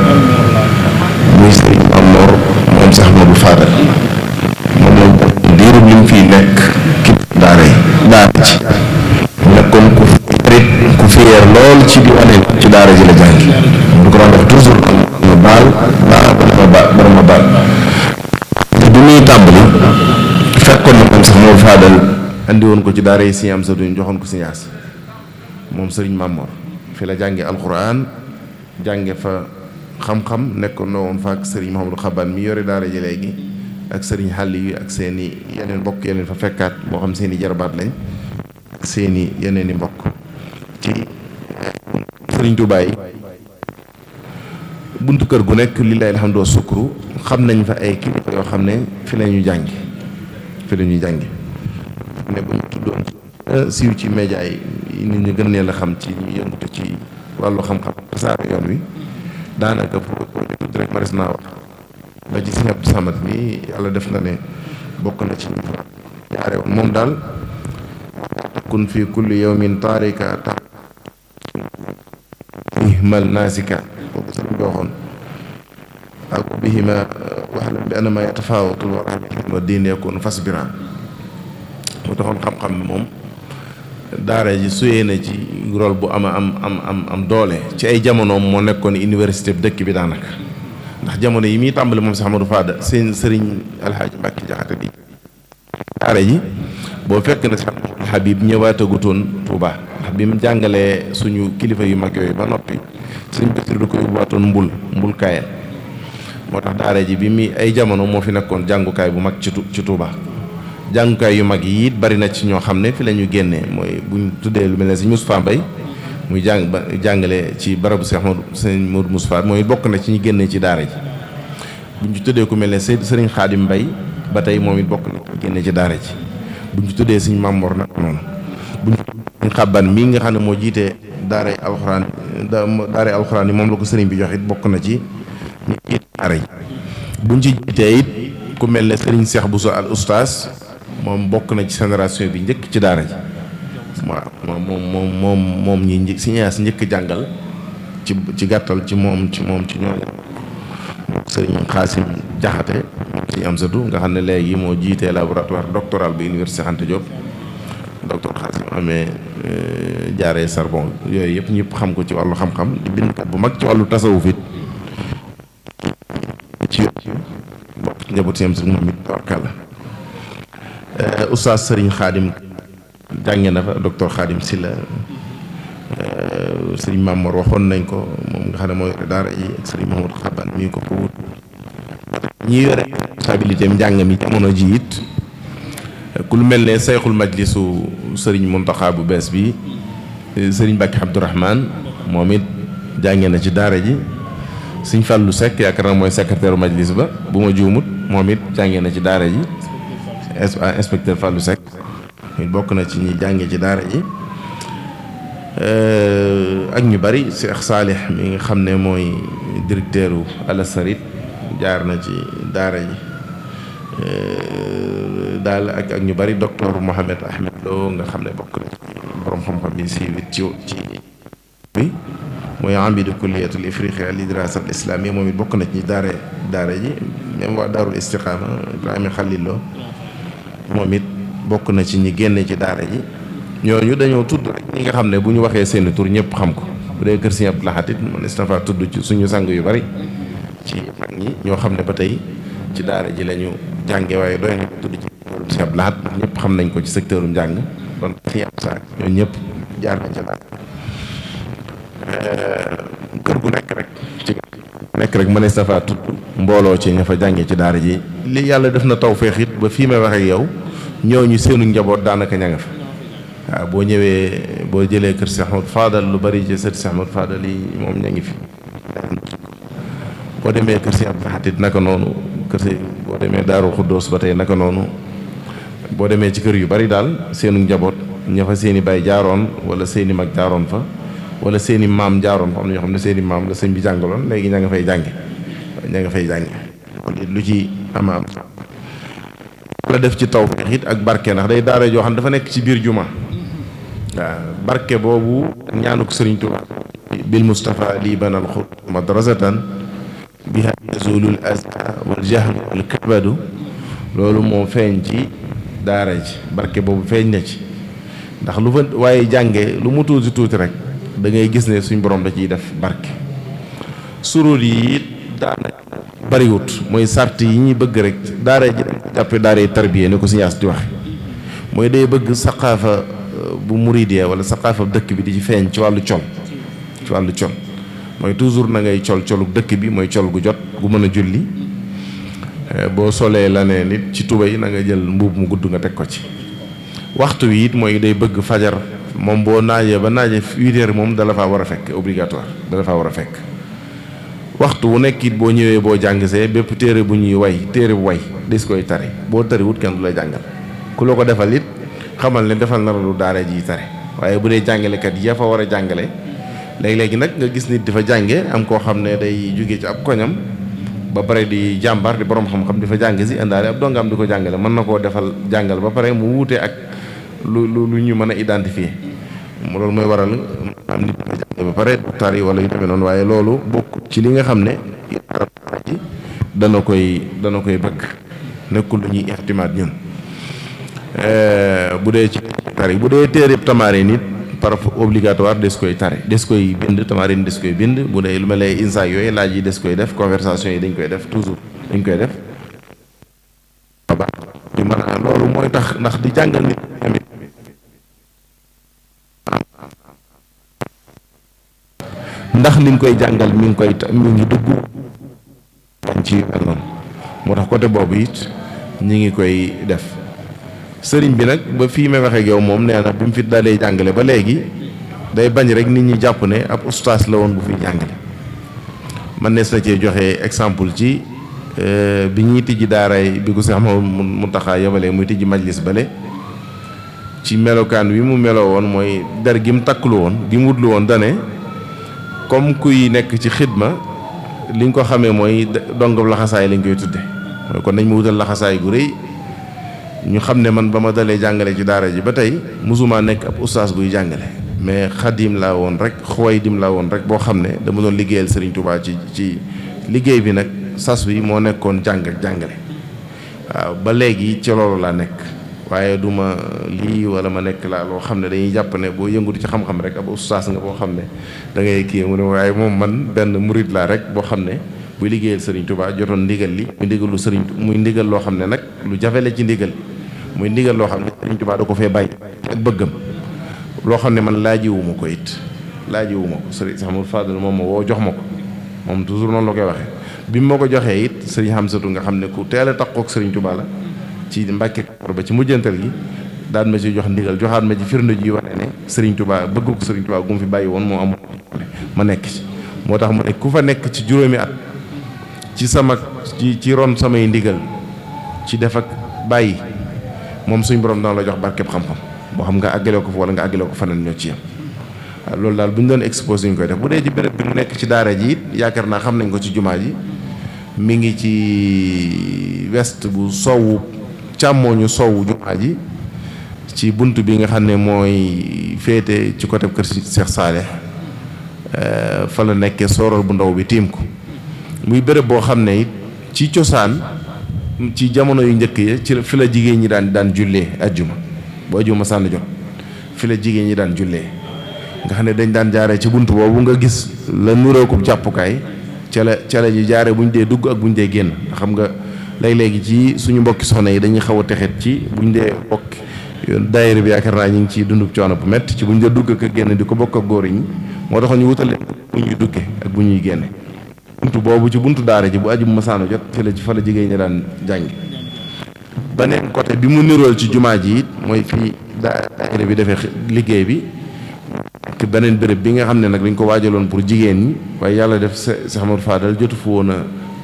ci di ci daara ji la jàngi du ko doon def toujours ma baal baal ma baal bala ma baal bu muy tàmbali fekkoon na moom sax moo faadal andi woon ko ci daara yi siñe am sa duñ joxoon ko siñaas moom sëriñ Mamor fi la jànge alxuraan jànge fa xam-xam nekkoon na woon fa ak sëriñ Mouhamadou Xaban mi yore daara ji léegi ak sëriñ xàll yi ak seeni yeneen mbokk yeneen fa fekkaat moo xam seen i jarbaat lañ ak seen i yeneen i mbokk Sëriñ Tuubaa yi buntu kër gu nekk li lay alhamdu xam nañ fa ay kilifa yoo xam ne fi la ñu jàngi fi lañuy ñu jàngi ne bu ñu tuddoon siiw ci média yi nit ñi gën nee la xam ci ñu ci wàllu xam-xam tasaare yoon wi daanaka pour ko ñu tudd rek naa wax ba ci Sëriñ Abdou Samad mi yàlla def na ne bokk na ci moom daal kun fi kulli yawmin taarika ihmal naasika kooku sëriñ bi waxoon ak bihima waxlam mu taxoon xam-xam moom daara ji suyee na ci rôle bu ama am am doole ci ay jamonoom moo nekkoon université bi dëkk bi daanaka ndax jamono yi muy tàmbali moom si Amadou Fada seen sëriñ alxaaji Mbàkke Jaxate bi daara ji boo fekk na si Habib ñëwaatagutoon Tuubaa bi mu jàngalee suñu kilifa yu mag yooyu ba noppi sëñ Basiru du ko yóbbuwaatoon mbul mbul kaayeen moo tax daara ji bi muy ay jamono moo fi nekkoon jàngukaay bu mag ci ci Touba jàngukaay yu mag yi it bari na ci ñoo xam ne fi la ñu génnee mooy buñ tuddee lu mel ne sëñ Moustapha Mbaye muy jàng jàngale ci barabu Cheikh Modou sëñ Modou mooy bokk na ci ñu génnee ci daara ji buñ ci ku mel ne sëriñ Xaadim mbay ba tey moom it bokk na ci génnee ci daara ji buñ ci tuddee suñu Mamor nag noonu xabban mii nga xam ne moo jiitee daaray alxuraan daaray yi moom la ko sëriñ bi jox it bokk na ci buñ ci jiitee it ku mel ne sëriñ Seex bu so al Oustaz moom bokk na ci génération bi njëkk ci daara ji waaw moom moom moom moom njëkk jàngal ci ci gàttal ci moom ci moom ci ñooñu sëriñ Xaasim Jaxate ci am satu nga xam ne léegi moo jiitee laboratoire doctoral bi université Anta Diop docteur Xaasim amee Euh, jaaree Sarbon yooyu yëpp ñëpp xam ko ci wàllu xam-xam di bindkat bu mag ci wàllu tasawu it ci bokk ci njaboot siem euh, jànge na fa docteur Khadim Sylla euh, Serigne Mamour waxoon nañ ko moom nga xam ne moo yore daara ji ak Serigne Mamour Xaban mii ko ko wut ñi yore responsabilité njàng mi jamono ji it ku lu mel ne sayxul majlisu sëriñ Muntaxa bu bees bi sëriñ Mbàkke Abdourahman moom it jànge na ci daara ji sëñ Fàllu Sekk yaakaar naa mooy secrétaire majlis ba bu ma juumut moom it jàngee na ci daara ji ah, inspecteur Fàllu Sekk bokk na ci ñi jànge ci daara ji ak ñu bari Cheikh Salih mi nga xam ne mooy directeur u Alasarit jaar na ci daara ji daal ak ak ñu bari docteur Mohamed Ahmed Lo nga xam ne bokk na borom xam-xam yi siiwit ci ci bi mooy ambidu kulliyatul ifriqiya li dirasat islam yi moom it bokk na ci daara daara ji même waa daarul istiqaama Ibrahima Lo moom it bokk na ci ñi génne ci daara ji ñooñu dañoo tudd rek ñi nga xam ne bu ñu waxee seeni tur ñëpp xam ko bu dee kër si Abdou Lahad it man istafa tudd ci suñu sang yu bari ci mag ñi ñoo xam ne ba tey ci daara ji lañu jànge waaye doy na tudd Cheikh Abdou Lahad ñëpp xam nañ ko ci secteur njàng kon xiyam ñëpp jaar nañ ca daal euh, kër nekk rek ci nekk rek mbooloo ci ña fa jàngee ci daara ji li yàlla def na tawféex it ba fii may wax ak yow ñu seenu njaboot daanaka ña nga fa waaw boo ñëwee boo jëlee kër Cheikh Ahmad Fadal lu bari ci sët Cheikh Ahmad Fadal yi moom ña ngi fi boo demee kër Cheikh Abdou naka noonu kër si boo demee Daaru Xuddoos ba tey naka noonu boo demee ci kër yu bari daal seenu njaboot ña seeni seen i jaaroon wala seeni mag jaaroon fa wala seeni maam jaaroon fa am na ñoo xam ne seen i maam la sëñ bi jàngaloon léegi ña nga fay jàngi ña nga fay jàngi lu ci ama am def ci taw feex ak barke ndax day daara joo xam dafa nekk ci biir juma waaw boobu ñaanuk sëriñ Tuubaa bil Mustafa lii banal xut madrasatan biha yazulul azma wal jahlu wal loolu moo feeñ ci daara ci barke boobu feeñ na ci ndax lu fa waaye jànge lu mu tuuti tuuti rek da ngay gis ne suñ borom da ciy def barke surur yi it bariwut mooy sart yi ñuy bëgg rek daara ji jàppe daara yi tarbiye ni ko si ñaas di wax mooy day bëgg saqaafa euh, bu muridee wala saqaafa dëkk bi di ci feeñ ci wàllu col ci wàllu col mooy toujours na ngay col colu dëkk bi mooy col gu jot gu mën a julli Eh, boo solee la ne nit ci tubéy na nga jël mbubb mu gudd nga teg ko ci waxtu wi it mooy day bëgg fajar moom boo naajee ba naaje huit heures moom dala fa war a fekk obligatoire dala faa war a fekk waxtu wu nekk it boo ñëwee boo jàngsee bépp téere bu ñuy way téere bu way des koy tare boo tari wut kenn du la jàngal ku la ko defal it xamal ne defal na lu daara ji tari waaye bu dee jàngalekat ya fa war a jàngale léegi-léegi nag nga gis nit di fa jànge am koo xam ne day jóge ci ab koñam ba pare di jàmbar di borom xam-xam di fa jàng si indaale ab am di ko jàngale mën na koo defal jàngal ba pare mu wuute ak lu lu lu ñu mën a identifier loolu mooy waral am ba pare docteur yi wala yu demee noonu waaye loolu bokk ci li nga xam ne ji dana koy dana koy bëgg nekkul lu ñuy ixtimaat ñun eh, bu dee ci tari bu dee téerib tamaari nit par obligatoire des koy tare des koy bind tamarin des koy bind bu dee lu mel ne insa yooyu laaj yi des koy def conversation yi dañ koy def toujours dañ koy def ñu mooy tax ndax di jàngal nit ndax li nga koy jàngal mi ngi koy mi ngi moo tax côté boobu it ñi ngi koy def sëriñ bi nag ba fii may waxee ak yow moom nee na bi mu fi dalee jàngale ba léegi day bañ rek nit ñi jàpp ne ab ustaas la woon bu fi jàngale man nees na cee joxe exemple ci euh, bi ñuy tijji daaray bi ko si xam mu Muntaxa yabalee muy tijji majlis bale ci melokaan wi mu meloo woon mooy der gi mu takklu woon gi mu wutlu woon dane comme kuy nekk ci xidma li nga ko xamee mooy dong laxasaay lañ koy tudde kon dañ ma wutal laxasaay gu rëy ñu xam ne man ba ma dalee jàngale ci daara ji ba tey mosuma nekk ab ustaas buy jàngale mais xadim laa woon rek dim laa woon rek boo xam ne dama doon liggéeyal Serigne tubaa ci ci liggéey bi nag sas wi moo nekkoon jàng jàngale ba léegi ci loolu laa nekk waaye du ma lii wala ma nekk laa loo xam ne dañuy jàpp ne boo yëngutu ci xam-xam rek ab ustaas nga boo xam ne da ngay kii mu ne waaye moom man benn murid laa rek boo xam ne buy liggéeyal Serigne Touba jotoon ndigal li muy ndigalu Serigne muy ndigal loo xam ne nag lu jafele ci ndigal muy ndigal loo xam ne Sëriñ Tuubaa da ko fee bàyyi ak bëggam loo xam ne man laajiwuma ko it laajiwuma ko sëriñ Samadou Fadal moom ma woo jox ma ko moom toujours noonu la koy waxee bi ma ko joxee it sëriñ Hamsatu nga xam ne ku teel a takkook Sëriñ Tuubaa la ci Mbàkke Kajoor ba ci mujjantal gi daan ma ci jox ndigal joxaat ma ci firnde ji wane ne Sëriñ Tuubaa bëgg ko Sëriñ Tuubaa gu mu fi bàyyi woon moo am ma nekk ci moo tax mu ne ku fa nekk ci juróomi at ci sama ci ci ron samay ndigal ci def ak bàyyi moom suñu boroom dana la jox barkeb xam-xam boo xam nga àggale ko fa wala nga àggale ko faneen ñoo ci yem loolu daal bu ñu doon exposé ñu koy def bu dee ji béréb bi mu nekk ci daara ji it naa xam nañ ko ci jumaa ji mi ngi ci west bu sowwu càmmooñu sowwu jumaa ji ci bunt bi nga xam ne mooy féete ci côté kër Cheikh saale eh, fa la nekkee sooroor bu ndaw bi tiim ko muy bërëb boo xam ne it ci cosaan ci jamono yu njëkk yi ci fi la jigéen ñi daan daan jullee ajjuma bu ajjuma sànni jot fi la jigéen ñi daan jullee nga xam ne dañ daan jaaree ci bunt boobu nga gis la nurookub jàppukaay ca la ca la ñu jaare bu ñu dee dugg ak bu ñu dee génn xam nga léeg-léegi ci suñu mbokki soxna yi dañuy xaw a texet ci bu ñu dee bokk daayira bi yaakaar naa ñu ngi ciy dundub coono bu métti ci bu ñu dee dugg ak génn di ko bokk ak góor ñi moo ñu wutal leen bu ñuy duggee bu ñuy génne buntu boobu ci buntu daara ji bu aju bu masaana jot la ci fa la jigéen ñi daan jàngi beneen côté bi mu nirool ci jumaa ji it mooy fii daayira bi defee liggéey bi te beneen bërëb bi nga xam ne nag dañ ko waajaloon pour jigéen ñi waaye yàlla def Seex Ahmadu Fadal jotu fa woon a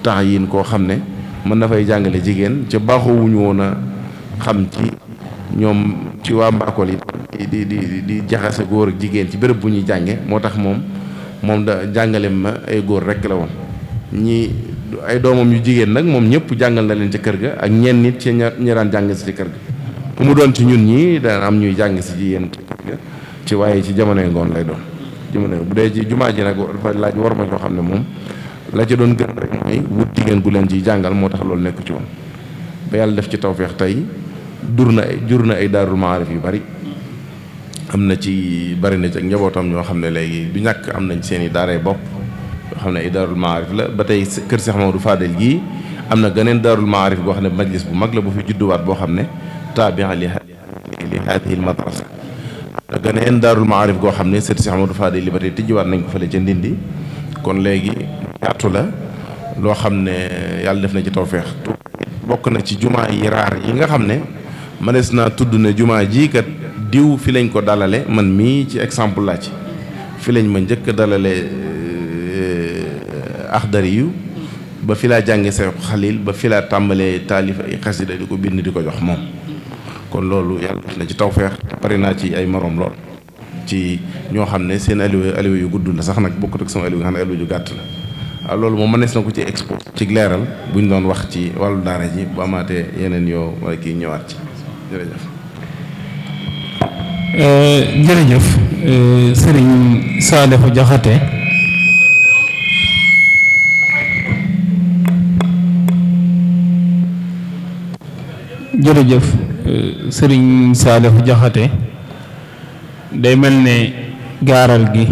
temps yiin koo xam ne mën na fay jàngale jigéen ca baaxoowuñu woon a xam ci ñoom ci waa mbaakol yi di di di jaxase góor ak jigéen ci bërëb bu ñuy jànge moo tax moom moom da jàngale ma ay góor rekk la woon ñi ay doomam yu jigéen nag moom ñëpp jàngal na leen ca kër ga ak ñenn nit ci ñi daan jàng si ci kër ga mu doon ci ñun ñii daan am ñuy jàng si ji yéen ci waaye ci jamonoy ngoon lay doon jamono bu dee ci jumaa ji nag dafa laaj war ma xam ne moom la ca doon gën rek mooy jigéen gu leen ciy jàngal moo tax loolu nekk ci woon ba yàlla def ci tawféex tey dur na ay jur na ay daarul maarif yu bari am na ci bari na ci ak njabootam ñoo xam ne léegi du ñàkk am nañ seeni i daaray bopp xam ne ay daarul maarif la ba tey kër Cheikh Mamadou Fadel gii am na geneen daarul maarif boo xam ne majlis bu mag la bu fi judduwaat boo xam ne taabia li li haadihi l madrasa na geneen daarul maarif goo xam ne sët Cheikh du Fadel li ba tey tijjiwaat nañ ko fële ca Ndindi kon léegi yaatu la loo xam ne yàlla def na ci tawfeex bokk na ci jumaa yi raar yi nga xam ne manees naa tudd ne jumaa jii kat diw fi lañ ko dalale man mii ci exemple laa ci fi lañ ma njëkk dalale Eh, axdari yu ba fi laa jànge say xalil ba fi laa tàmbalee taalif ay xasida di ko bind di ko jox moom kon loolu yàlla def na ci tawfeex bari naa ci ay moroom lool ci ñoo xam ne seen aliwe aliwe yu gudd na sax nag bokkut ak sama aliwe nga xam ne aliwe ju gàtt la ah, loolu moom mënees na ko ci expo ci leeral bu ñu doon wax ci wàllu daara ji bu yeneen yoo a ki ñëwaat ci jërëjëf eh, jërëjëf eh, sëriñ Saalihu jërëjëf euh, sëriñ Saalihu Jaxate day mel ne gaaral gi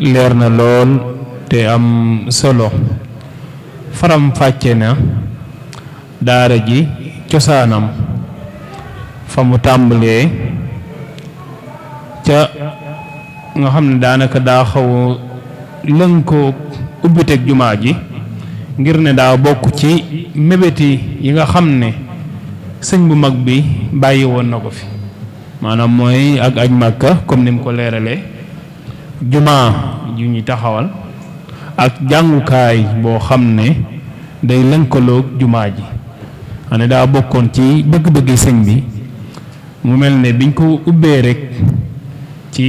leer na lool te am solo faram fàcce na daara ji cosaanam fa mu tàmbalee ca nga xam ne daanaka daa xaw lënkoo ubbiteeg jumaa ji ngir ne daa bokk ci mebeti yi nga xam ne sëñ bu mag bi bàyyi woon na ko fi maanaam mooy ak aj màkka comme ni mu ko leerale jumaa ju ñu taxawal ak jàngukaay boo xam ne day lënkaloog jumaa ji xam ne daa bokkoon ci bëgg-bëggi sëñ bi mu mel ne biñ ko ubbee rek ci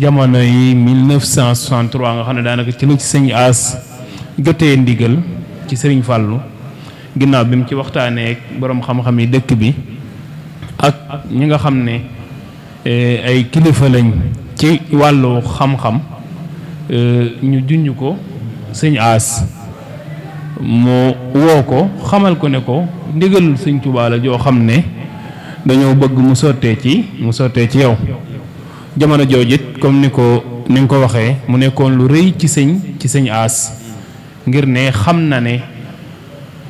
jamono yi 1963 nga xam ne daanaka ci la ci sëñ As jotee ndigal ci sëriñ Fàllu ginnaaw bi mu ci waxtaanee boroom xam-xam yi dëkk bi ak ñi nga xam ne eh, ay kilifa lañ ci wàllu xam-xam eh, ñu junj ko sëñ aas mu woo ko xamal ko ne ko ndigalul sëñ Tuubaa la joo xam ne dañoo bëgg mu sottee ci mu sottee ci yow jamono joojit comme ni ko ni nga ko waxee mu nekkoon lu rëy ci sëñ ci sëñ aas ngir ne xam na ne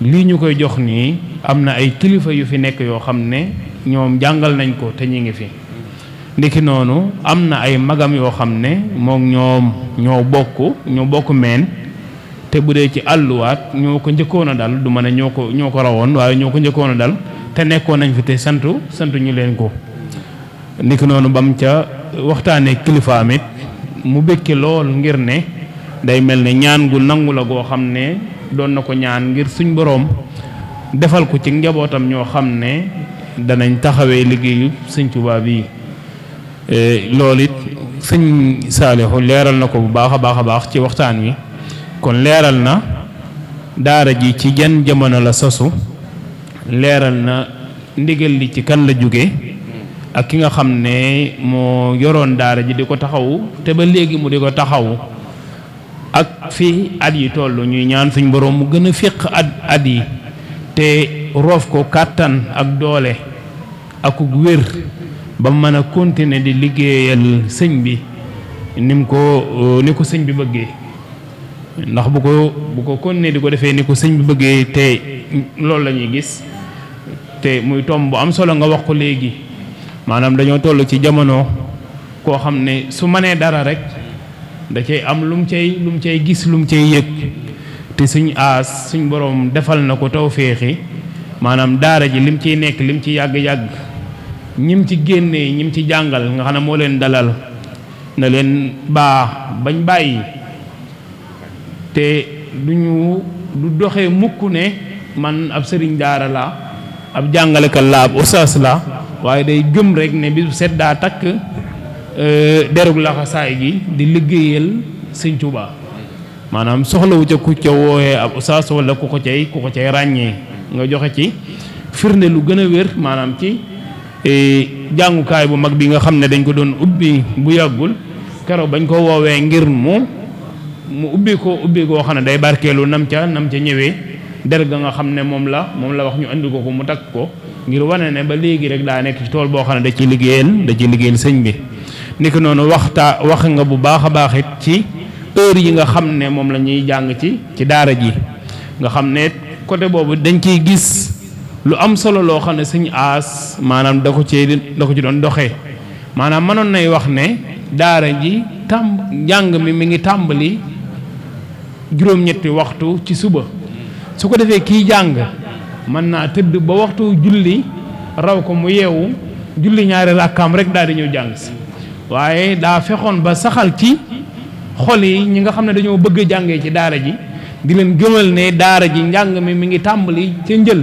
lii ñu koy jox nii am na ay kilifa yu fi nekk yoo xam ne ñoom jàngal nañ ko te ñu ngi fi ndiki noonu am na ay magam yoo xam ne moom ñoom ñoo bokk ñoo bokk meen te bu dee ci àlluwaat ñoo ko njëkkoon a dal du ma ne ñoo ko ñoo ko rawoon waaye ñoo ko njëkkoon a dal te nekkoon nañ fi te santu santu ñu leen ko ndiki noonu bam ca waxtaanee kilifaam it mu békki lool ngir ne day mel ne ñaan gu nangu la goo xam ne doon na ko ñaan ngir suñ boroom defal ko ci njabootam ñoo xam ne danañ taxawee liggéeyu sëñ Tuubaa bi e, loolu it sëñ Saalihu leeral na ko bu baax a baax a baax ci waxtaan wi kon leeral na daara ji ci jan jamono la sosu leeral na ndigal li ci kan la jóge ak ki nga xam ne moo yoroon daara ji di ko taxawu te ba léegi mu di ko taxawu ak fi at yi toll ñuy ñaan suñ boroom mu gën a féq at at yi te roof ko kàttan ak doole akuk wér ba mën a continuer di liggéeyal sëñ bi nim ko euh, ni ko sëñ bi bëggee ndax bu ko bu ko continuer di ko defee ni ko sëñ bi bëggee te loolu la ñuy gis te muy tomb bu am solo nga wax ko léegi maanaam dañoo toll ci jamono koo xam ne su mënee dara rek da cay am lu mu cay lu mu cay gis lu mu cay yëg te suñ aas suñ borom defal na ko tawféexi maanaam daara ji lim ciy nekk lim ci yàgg-yàgg ñim ci génnee ñim ci jàngal nga xam ne moo leen dalal na leen baa bañ bàyyi te du ñu du doxee mukk ne man ab sëriñ daara la ab jàngalekat la ab oustaz la waaye day gëm rek ne bisu set takk Euh, derug laxasaay gi di liggéeyal sëñ Tuubaa maanaam soxlawu ca ku ca wooyee ab ustaas wala ku ko cay ku ko cay ràññee nga joxe ci firnde lu gën a wér maanaam ci e, jàngukaay bu mag bi nga xam ne dañ ko doon ubbi bu yàggul keroog bañ ko woowee ngir mu mu ubbi ko ubbi koo xam ne day barkeelu nam ca nam ca ñëwee der ga nga xam ne moom la moom la wax ñu andi ko ko mu takk ko ngir wane ne ba léegi rek daa nekk ci tool boo xam ne da ci liggéeyal da ci liggéeyal sëñ bi niki noonu waxtaa wax nga bu baax a baax ci heure yi nga xam ne moom la ñuy jàng ci ci daara ji nga xam ne côté boobu dañ ciy gis lu am solo loo xam ne suñu aas maanaam da ko cee da ko ci doon doxee maanaam mënoon nay wax ne daara ji tàmb njàng mi mi ngi tàmbali juróom-ñetti waxtu ci suba su ko defee kiy jàng mën naa tëdd ba waxtu julli raw ko mu yeewu julli ñaari rakkaam rek daal di ñëw jàng si waaye daa fexoon ba saxal ci xol yi ñi nga xam ne dañoo bëgg jàngee ci daara ji di leen gëmal ne daara ji njàng mi mi ngi tàmbali ca njël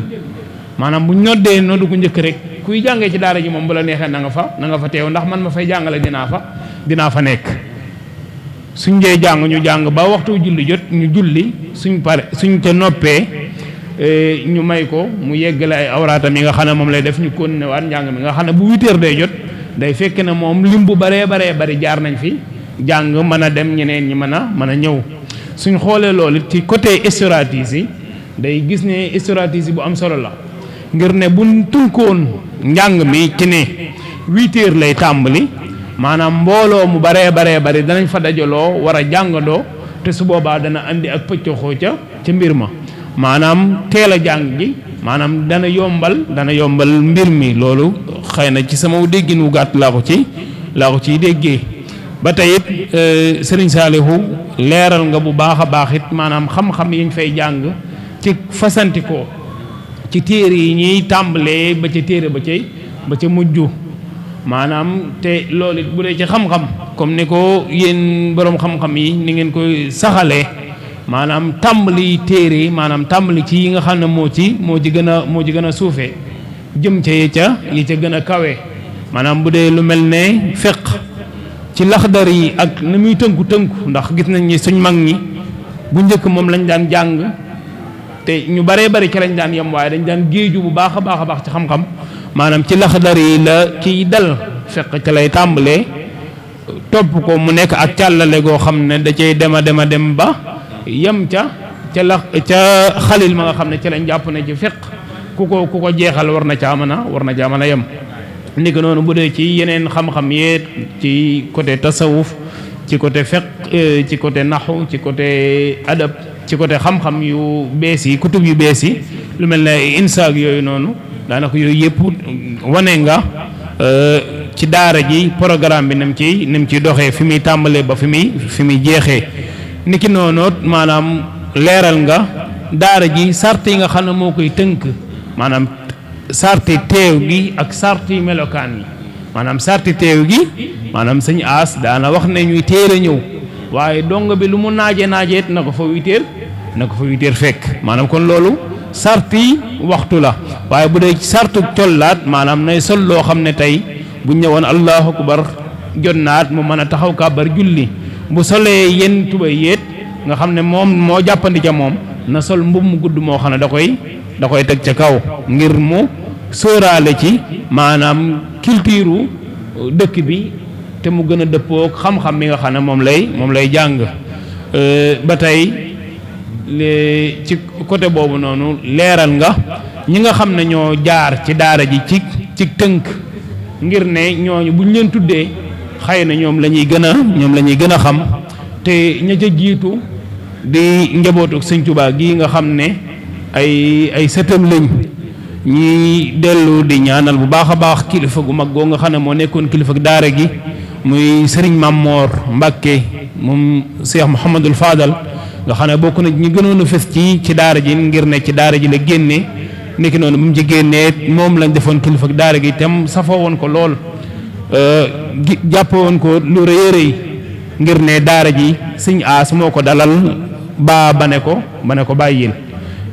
maanaam bu ñoddee noddu gu njëkk rek kuy jàngee ci daara ji moom bu la neexee na nga fa nanga fa teew ndax man ma fay jàngale dinaa fa dinaa fa nekk suñ dee jàng ñu jàng ba waxtu julli jot ñu julli suñ pare suñ ca noppee eh, ñu may ko mu yeggale ay awraatam yi nga xam ne moom lay def ñu continuer waat njàng mi nga xam ne bu huit day jot day fekk ne moom lim bu baree baree bari jaar nañ fi jàng mën a dem ñeneen ñi mën a mën a ñëw suñ xoolee loolu ci côté stratégie yi day gis ne stratégie bu am solo la ngir ne buñ tunkoon njàng mi ci ne huit lay tàmbali maanaam mbooloo mu baree baree bari danañ fa dajaloo war a jàngandoo te su boobaa dana indi ak pëccoxoo ca ca mbir ma maanaam teel a jàng gi maanaam dana yombal dana yombal mbir mi loolu xëy na ci sama déggin wu gàtt laa ko ci laa ciy déggee ba tey it euh, sëriñ Saalihu leeral nga bu baax a baax it maanaam xam-xam yiñ fay jàng ci fasantikoo ci téere yi ñuy tàmbalee ba ca téere ba cay ba ca mujj maanaam te loolu it bu dee ci xam-xam comme ni ko yéen boroom xam-xam yi ni ngeen koy saxalee maanaam tàmbali téere yi maanaam tàmbali ci yi nga xam ne moo ci moo ci gën a moo ci gën a suufee jëm ca yi ca yi ca gën a kawe maanaam bu dee lu mel ne feq ci dar yi ak ni muy tënku tënku ndax gis nañ ni suñ mag ñi bu njëkk moom lañ daan jàng te ñu baree bari ci lañ daan yem waaye dañ daan géeju bu baax a baax a baax ci xam-xam maanaam ci laxdar yi la kiy dal fiq ca lay tàmbalee topp ko mu nekk ak càllale goo xam ne da cay dem a dem a dem ba. yem ca ca la ca xalil ma nga xam ne ca la jàpp na ci fiq ku ko ku ko jeexal war na caa mën war na caa mën a yem ni noonu bu dee ci yeneen xam-xam yee ci côté tasawuf ci côté fiq eh, ci côté naxu ci côté adab ci côté xam-xam yu bees yi kutub yu bees yi lu mel na insaag yooyu noonu daanaka yooyu yëpp wane nga eh, ci daara ji programme bi nam ci nam ci doxee fi muy tàmbalee ba fi muy fi muy jeexee niki noonoot maanaam leeral nga daara ji sart yi nga xam ne moo koy tënk maanaam sarti teew gi ak sarti melokaan yi maanaam sarti teew gi maanaam sëñ aas daana wax ne ñuy teel a ñëw waaye dong bi lu mu naaje naajeet na ko fa witeer na ko fa witeer fekk maanaam kon loolu sarti waxtu la waaye bu dee sartu collaat maanaam nay sol loo xam ne tey bu ñëwoon allahu akbar jot naat mu mën a taxaw kàbbar julli bu solee yenn tuba yéet nga xam ne moom moo jàppandi ca moom na sol mbub mu gudd moo xam ne da koy da koy teg ca kaw ngir mu sóoraale ci maanaam culture dëkk bi te mu gën a dëppook xam-xam mi nga xam ne moom lay moom lay jàng euh, ba tey ci côté boobu noonu leeral nga ñi nga xam ne ñoo jaar ci daara ji ci ci tënk ngir ne ñooñu buñ leen tuddee xëy na ñoom lañuy ñuy gën a ñoom la ñuy gën a xam te ña jiitu di njabootu sëñ Tuubaa gi nga xam ne ay ay sëtam lañ ñi dellu di ñaanal bu baax a baax kilifa gu mag goo nga xam ne moo nekkoon kilifa daara gi muy sëriñ Mamor Mbàkke moom Cheikh Mouhamadul Fadal nga xam ne bokk na ñu gënoon a fës ci ci daara ji ngir ne ci daara ji la génne nekki noonu mu ci génnee moom lañ defoon kilifa daara gi itam safoo woon ko lool. Euh, jàppoon ko lu rëy rëy ngir ne daara ji sëñ aas moo ko dalal baa ba ne ko ba ne ko bàyyi yéen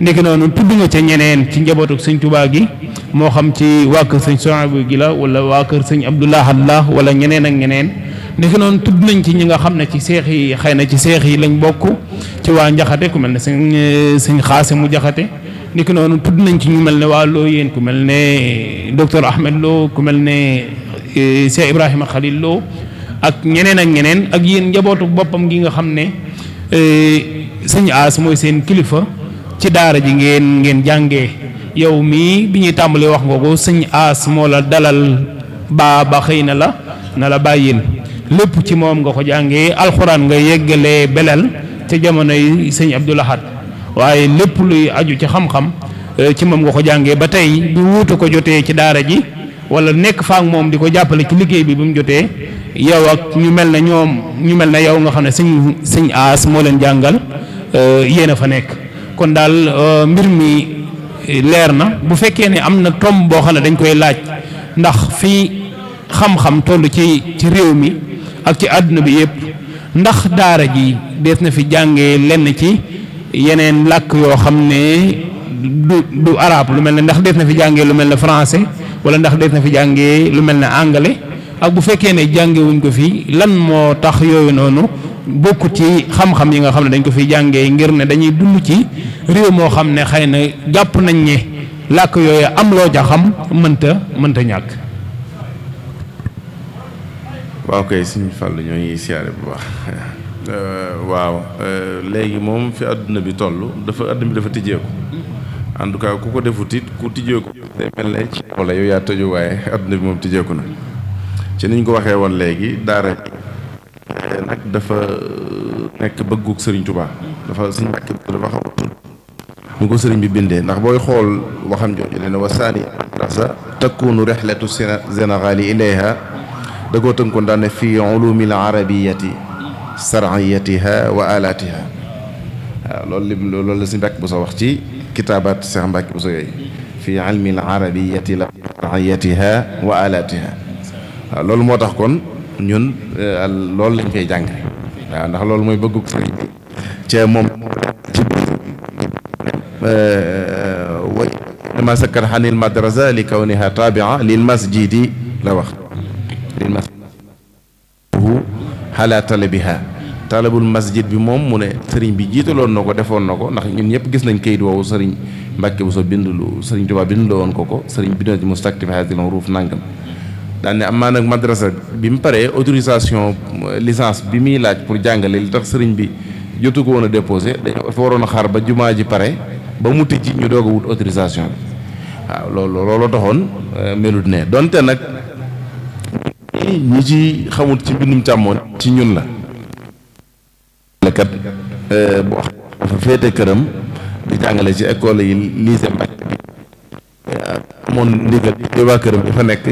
nekk noonu tudd nga ca ñeneen ci njabootu sëñ tubaa gi moo xam ci waa kër sëñ Sohabu gi la wala waa kër sëñ Abdullah Allah wala ñeneen ak ñeneen nekk noonu tudd nañ ci ñi nga xam ne ci seex yi xëy na ci seex yi lañ bokk ci waa Njaxate ku mel ne sëñ sëñ Xaase mu Jaxate nekk noonu tudd nañ ci ñu mel ne waa loo yéen ku mel ne docteur Ahmed loo ku mel ne Eh, Cheikh Ibrahima Khalil Lo ak ñeneen ak ñeneen ak yéen njabootu boppam gi nga xam ne eh, sëñ As mooy seen kilifa ci daara ji ngeen ngeen jàngee yow mii bi ñuy tàmbalee wax nga ko sëñ As moo la dalal baa xëy na la na la bàyyin lépp ci moom nga ko jàngee alxuraan nga yeggalee belal ca jamonoy sëñ Abdou Lahad waaye lépp luy aju ci xam-xam eh, ci moom nga ko jàngee ba tey bi wuutu ko jotee ci daara ji wala nekk faak moom di ko jàppale ci liggéey bi ba mu jotee yow ak ñu mel na ñoom ñu mel ne yow nga xam ne sëñ sëñ aas moo leen jàngal euh, yéen a fa nekk kon daal euh, mbir mi leer na bu fekkee ne am na tomb boo xam ne dañ koy laaj ndax fii xam-xam toll ci ci réew mi ak ci àdduna bi yëpp ndax daara ji dees na fi jàngee lenn ci yeneen làkk yoo xam ne du du arab lu mel ne ndax dees na fi jàngee lu mel ne français wala ndax des na fi jàngee lu mel ne àngale ak bu fekkee ne jàngewuñ ko fii lan moo tax yooyu noonu bokku ci xam-xam yi nga xam ne dañ ko fi jàngee ngir ne dañuy dund ci réew moo xam ne xëy na jàpp nañ ne làkk yooyu am loo ja xam mënta mënta ñàkk. waaw kay suñu fàll ñoo ngi siyaare bu baax euh, waaw euh, léegi moom fi àdduna bi toll dafa àdduna bi dafa tijjeeku. en tout cas ku ko defut it ku tijjeeku day mel ne ci wala yow yaa tëju waaye adduna bi moom tijjeeku na ci niñ ko waxee woon léegi daa nag dafa euh, nekk bëggug sëriñ Tuubaa dafa suñ mbàkk ko sëriñ bi bindee ndax booy xool waxam jooju leen wa saani madrasa takkuunu rexlatu sénégali ilayha koo tënkoon daane fi ulumi l arabiyati sariyatiha wa loolu lim loolu la si mbàkk bu sa wax ci kitaabaat Seex Mbàkke Buso yooyu fi ilmi al arabiyati la raiyatiha wa alatiha waaw loolu moo tax kon ñun eh, loolu lañ koy jàng waaw ndax loolu mooy bëggu sëriñ bi ca moom ci eh, wa ma sakkat xanil madrasa li kawniha tabia lil masjidi la wax lil masjidi hu xala talabiha talabul masjid bi moom mu ne sëriñ bi jiitaloon na ko defoon na ko ndax ñun ñëpp gis nañ kayit woowu sëriñ Mbàkke Buso bindulu sëriñ Tuubaa binduloo woon ko ko sëriñ bi doon ci mustaktif hadilon ruuf nangam daan ne amaa nag madrasa bi mu paree autorisation licence bi muy laaj pour jàngale li tax sëriñ bi jotu ko woon a déposé dafa waroon a xaar ba jumaa ji pare ba mu tijji ñu doog a wut autorisation bi waaw loolu looloo taxoon euh, melut ne donte nag ñi ci xamut ci mbindum càmmoon ci ñun la lekat euh, féete këram di jàngale ci yi lycée Mbacke bi amoon ndigal ci fa nekk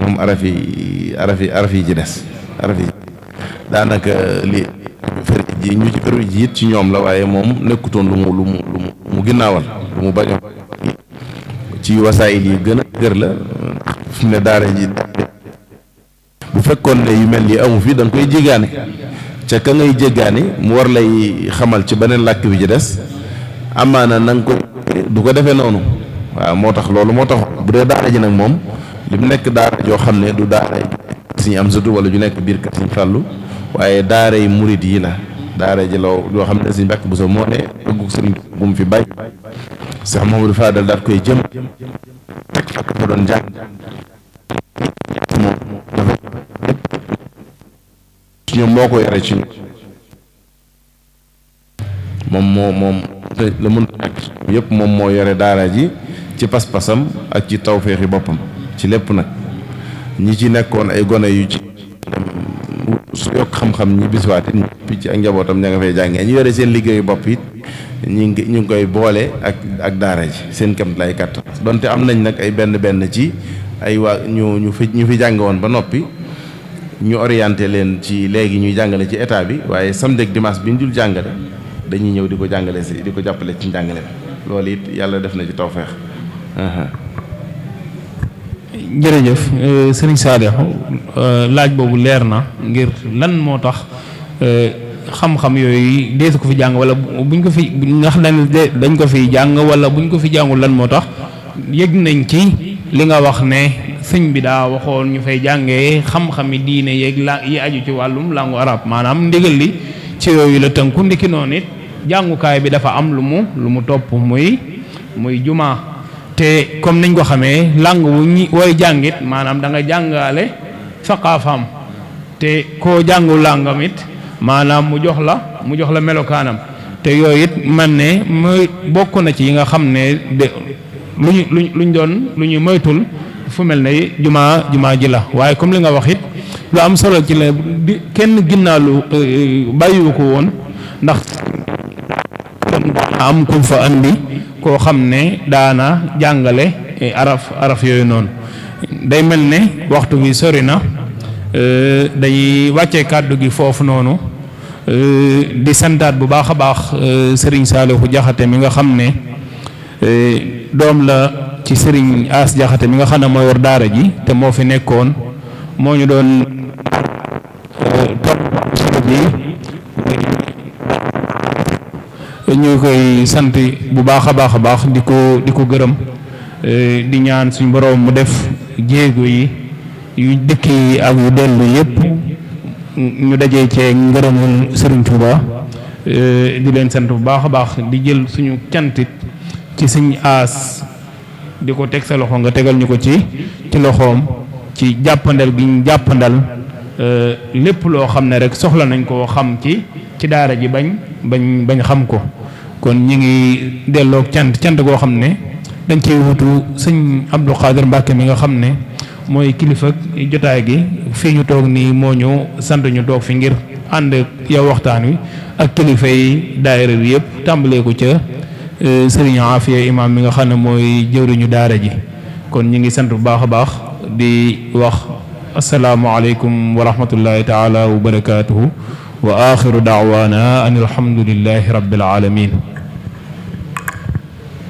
moom yi ci des araf yi daanaka li fer ñu ci fer ji ci ñoom la waaye moom nekkutoon lu mu ginnaawal lu mu bañoon ci wasaayil yi gën gër la fi ne daara ji bu fekkoon ne yu mel yi amu fii da koy jigaane ca ka ngay jéggaani mu war lay xamal ci beneen làkk bi ci des amaana na nga ko du ko defee noonu waaw moo tax loolu moo tax bu dee daara ji nag moom li mu nekk daara joo xam ne du daara am Amsatu wala ju nekk biir kër Sëriñ Fallu waaye daara yi murit yii la daara ji law yoo xam ne Sëriñ Mbàkke Buso moo ne bëggu sëriñ gum fi bàyyi Seex Mahamadu Fadal daat koy jëm teg fa ko doon jàng ñoom moo ko yore ci ñoom moom moo moom la mën ak yëpp moom moo yore daara ji ci pas-pasam ak ci tawféexi boppam ci lépp nag ñi ci nekkoon ay gone yu ci su yokk xam-xam ñi bisiwaat it ñëpp ci ak njabootam ña nga fay jàngee ñu yore seen liggéeyu boppit ñi ñu ngi ñu koy boole ak ak daara ji seen kam lay kàttan donte am nañ nag ay benn benn ci ay waa ñu ñu fi ñu fi jàng woon ba noppi ñu orienté leen ci léegi ñuy jàngale ci état bi waaye samedi ak dimanche bi ñu dul jàngale dañuy ñëw di ko jàngale si di ko jàppale ci njàngale loolu it yàlla def na ci tawfeex. jërëjëf euh, sëriñ Saalihu euh, laaj boobu leer na ngir lan moo tax euh, xam-xam yooyu deesu ko fi jàng wala buñ ko fi ndax dañ dañ ko fi jàng wala buñ ko fi jàngul lan moo tax yëg nañ ci. li nga wax ne sëñ bi daa waxoon ñu fay jàngee xam-xami diine yeeg la yi aju ci wàllum langue arabe maanaam ndigal li ci yooyu la tënku ndiki noonu it jàngukaay bi dafa am lu mu lu mu topp muy muy jumaa te comme niñ ko xamee langue wu ñi wooy jàngit maanaam da nga jàngaale saqaafaam te koo jàngu langam it maanaam mu jox la mu jox la melokaanam te yooyu it man ne muy bokk na ci yi nga xam ne de lu ñu lu lu ñu doon lu ñuy moytul fu mel ne jumaa jumaa ji la waaye comme li nga wax it lu am solo ci la di kenn ginnaalu euh, bàyyiwu ko woon ndax am ku koo xam ne daana jàngale e, araf araf yooyu noonu day mel ne waxtu bi sori na euh, dañuy wàcce kàddu gi foofu noonu euh, di santaat bu baax a baax Serigne Saliou Diakhaté mi nga xam ne doom la ci sëriñ As Jaxate mi nga xam ne mooy war daara ji te moo fi nekkoon moo ñu doon topp euh, ñu koy sant bu baax a baax a baax di ko di ko gërëm euh, di ñaan suñ boroom mu def jéego yi yu dëkk yi ak yu dellu yépp ñu dajee cee ngërëmul sëriñ Tuuba euh, di leen sant bu baax a baax di jël suñu cantit ci sëñ aas di ko teg sa loxo nga tegal ñu ko ci ci loxoom ci jàppandal gi ñu jàppandal euh, lépp loo xam ne rek soxla nañ koo xam ci ci daara ji bañ bañ bañ xam ko kon ñu ngi delloo cant cant goo xam ne dañ ciy wutu sëñ Abdou Khadir Mbacke mi nga xam ne mooy kilifa jotaay gi fii ñu toog nii moo ñu sant ñu toog fi ngir ànd yow waxtaan wi ak kilifa yi daayira bi ca Euh, sëriñ Afia imam mi nga xam ne mooy jëwriñu daara ji kon ñu ngi sant bu baax a baax di wax asalaamualeykum wa rahmatullahi taala wa barakaatuhu wa axiru daawaana an alhamdulilahi rabbil alamin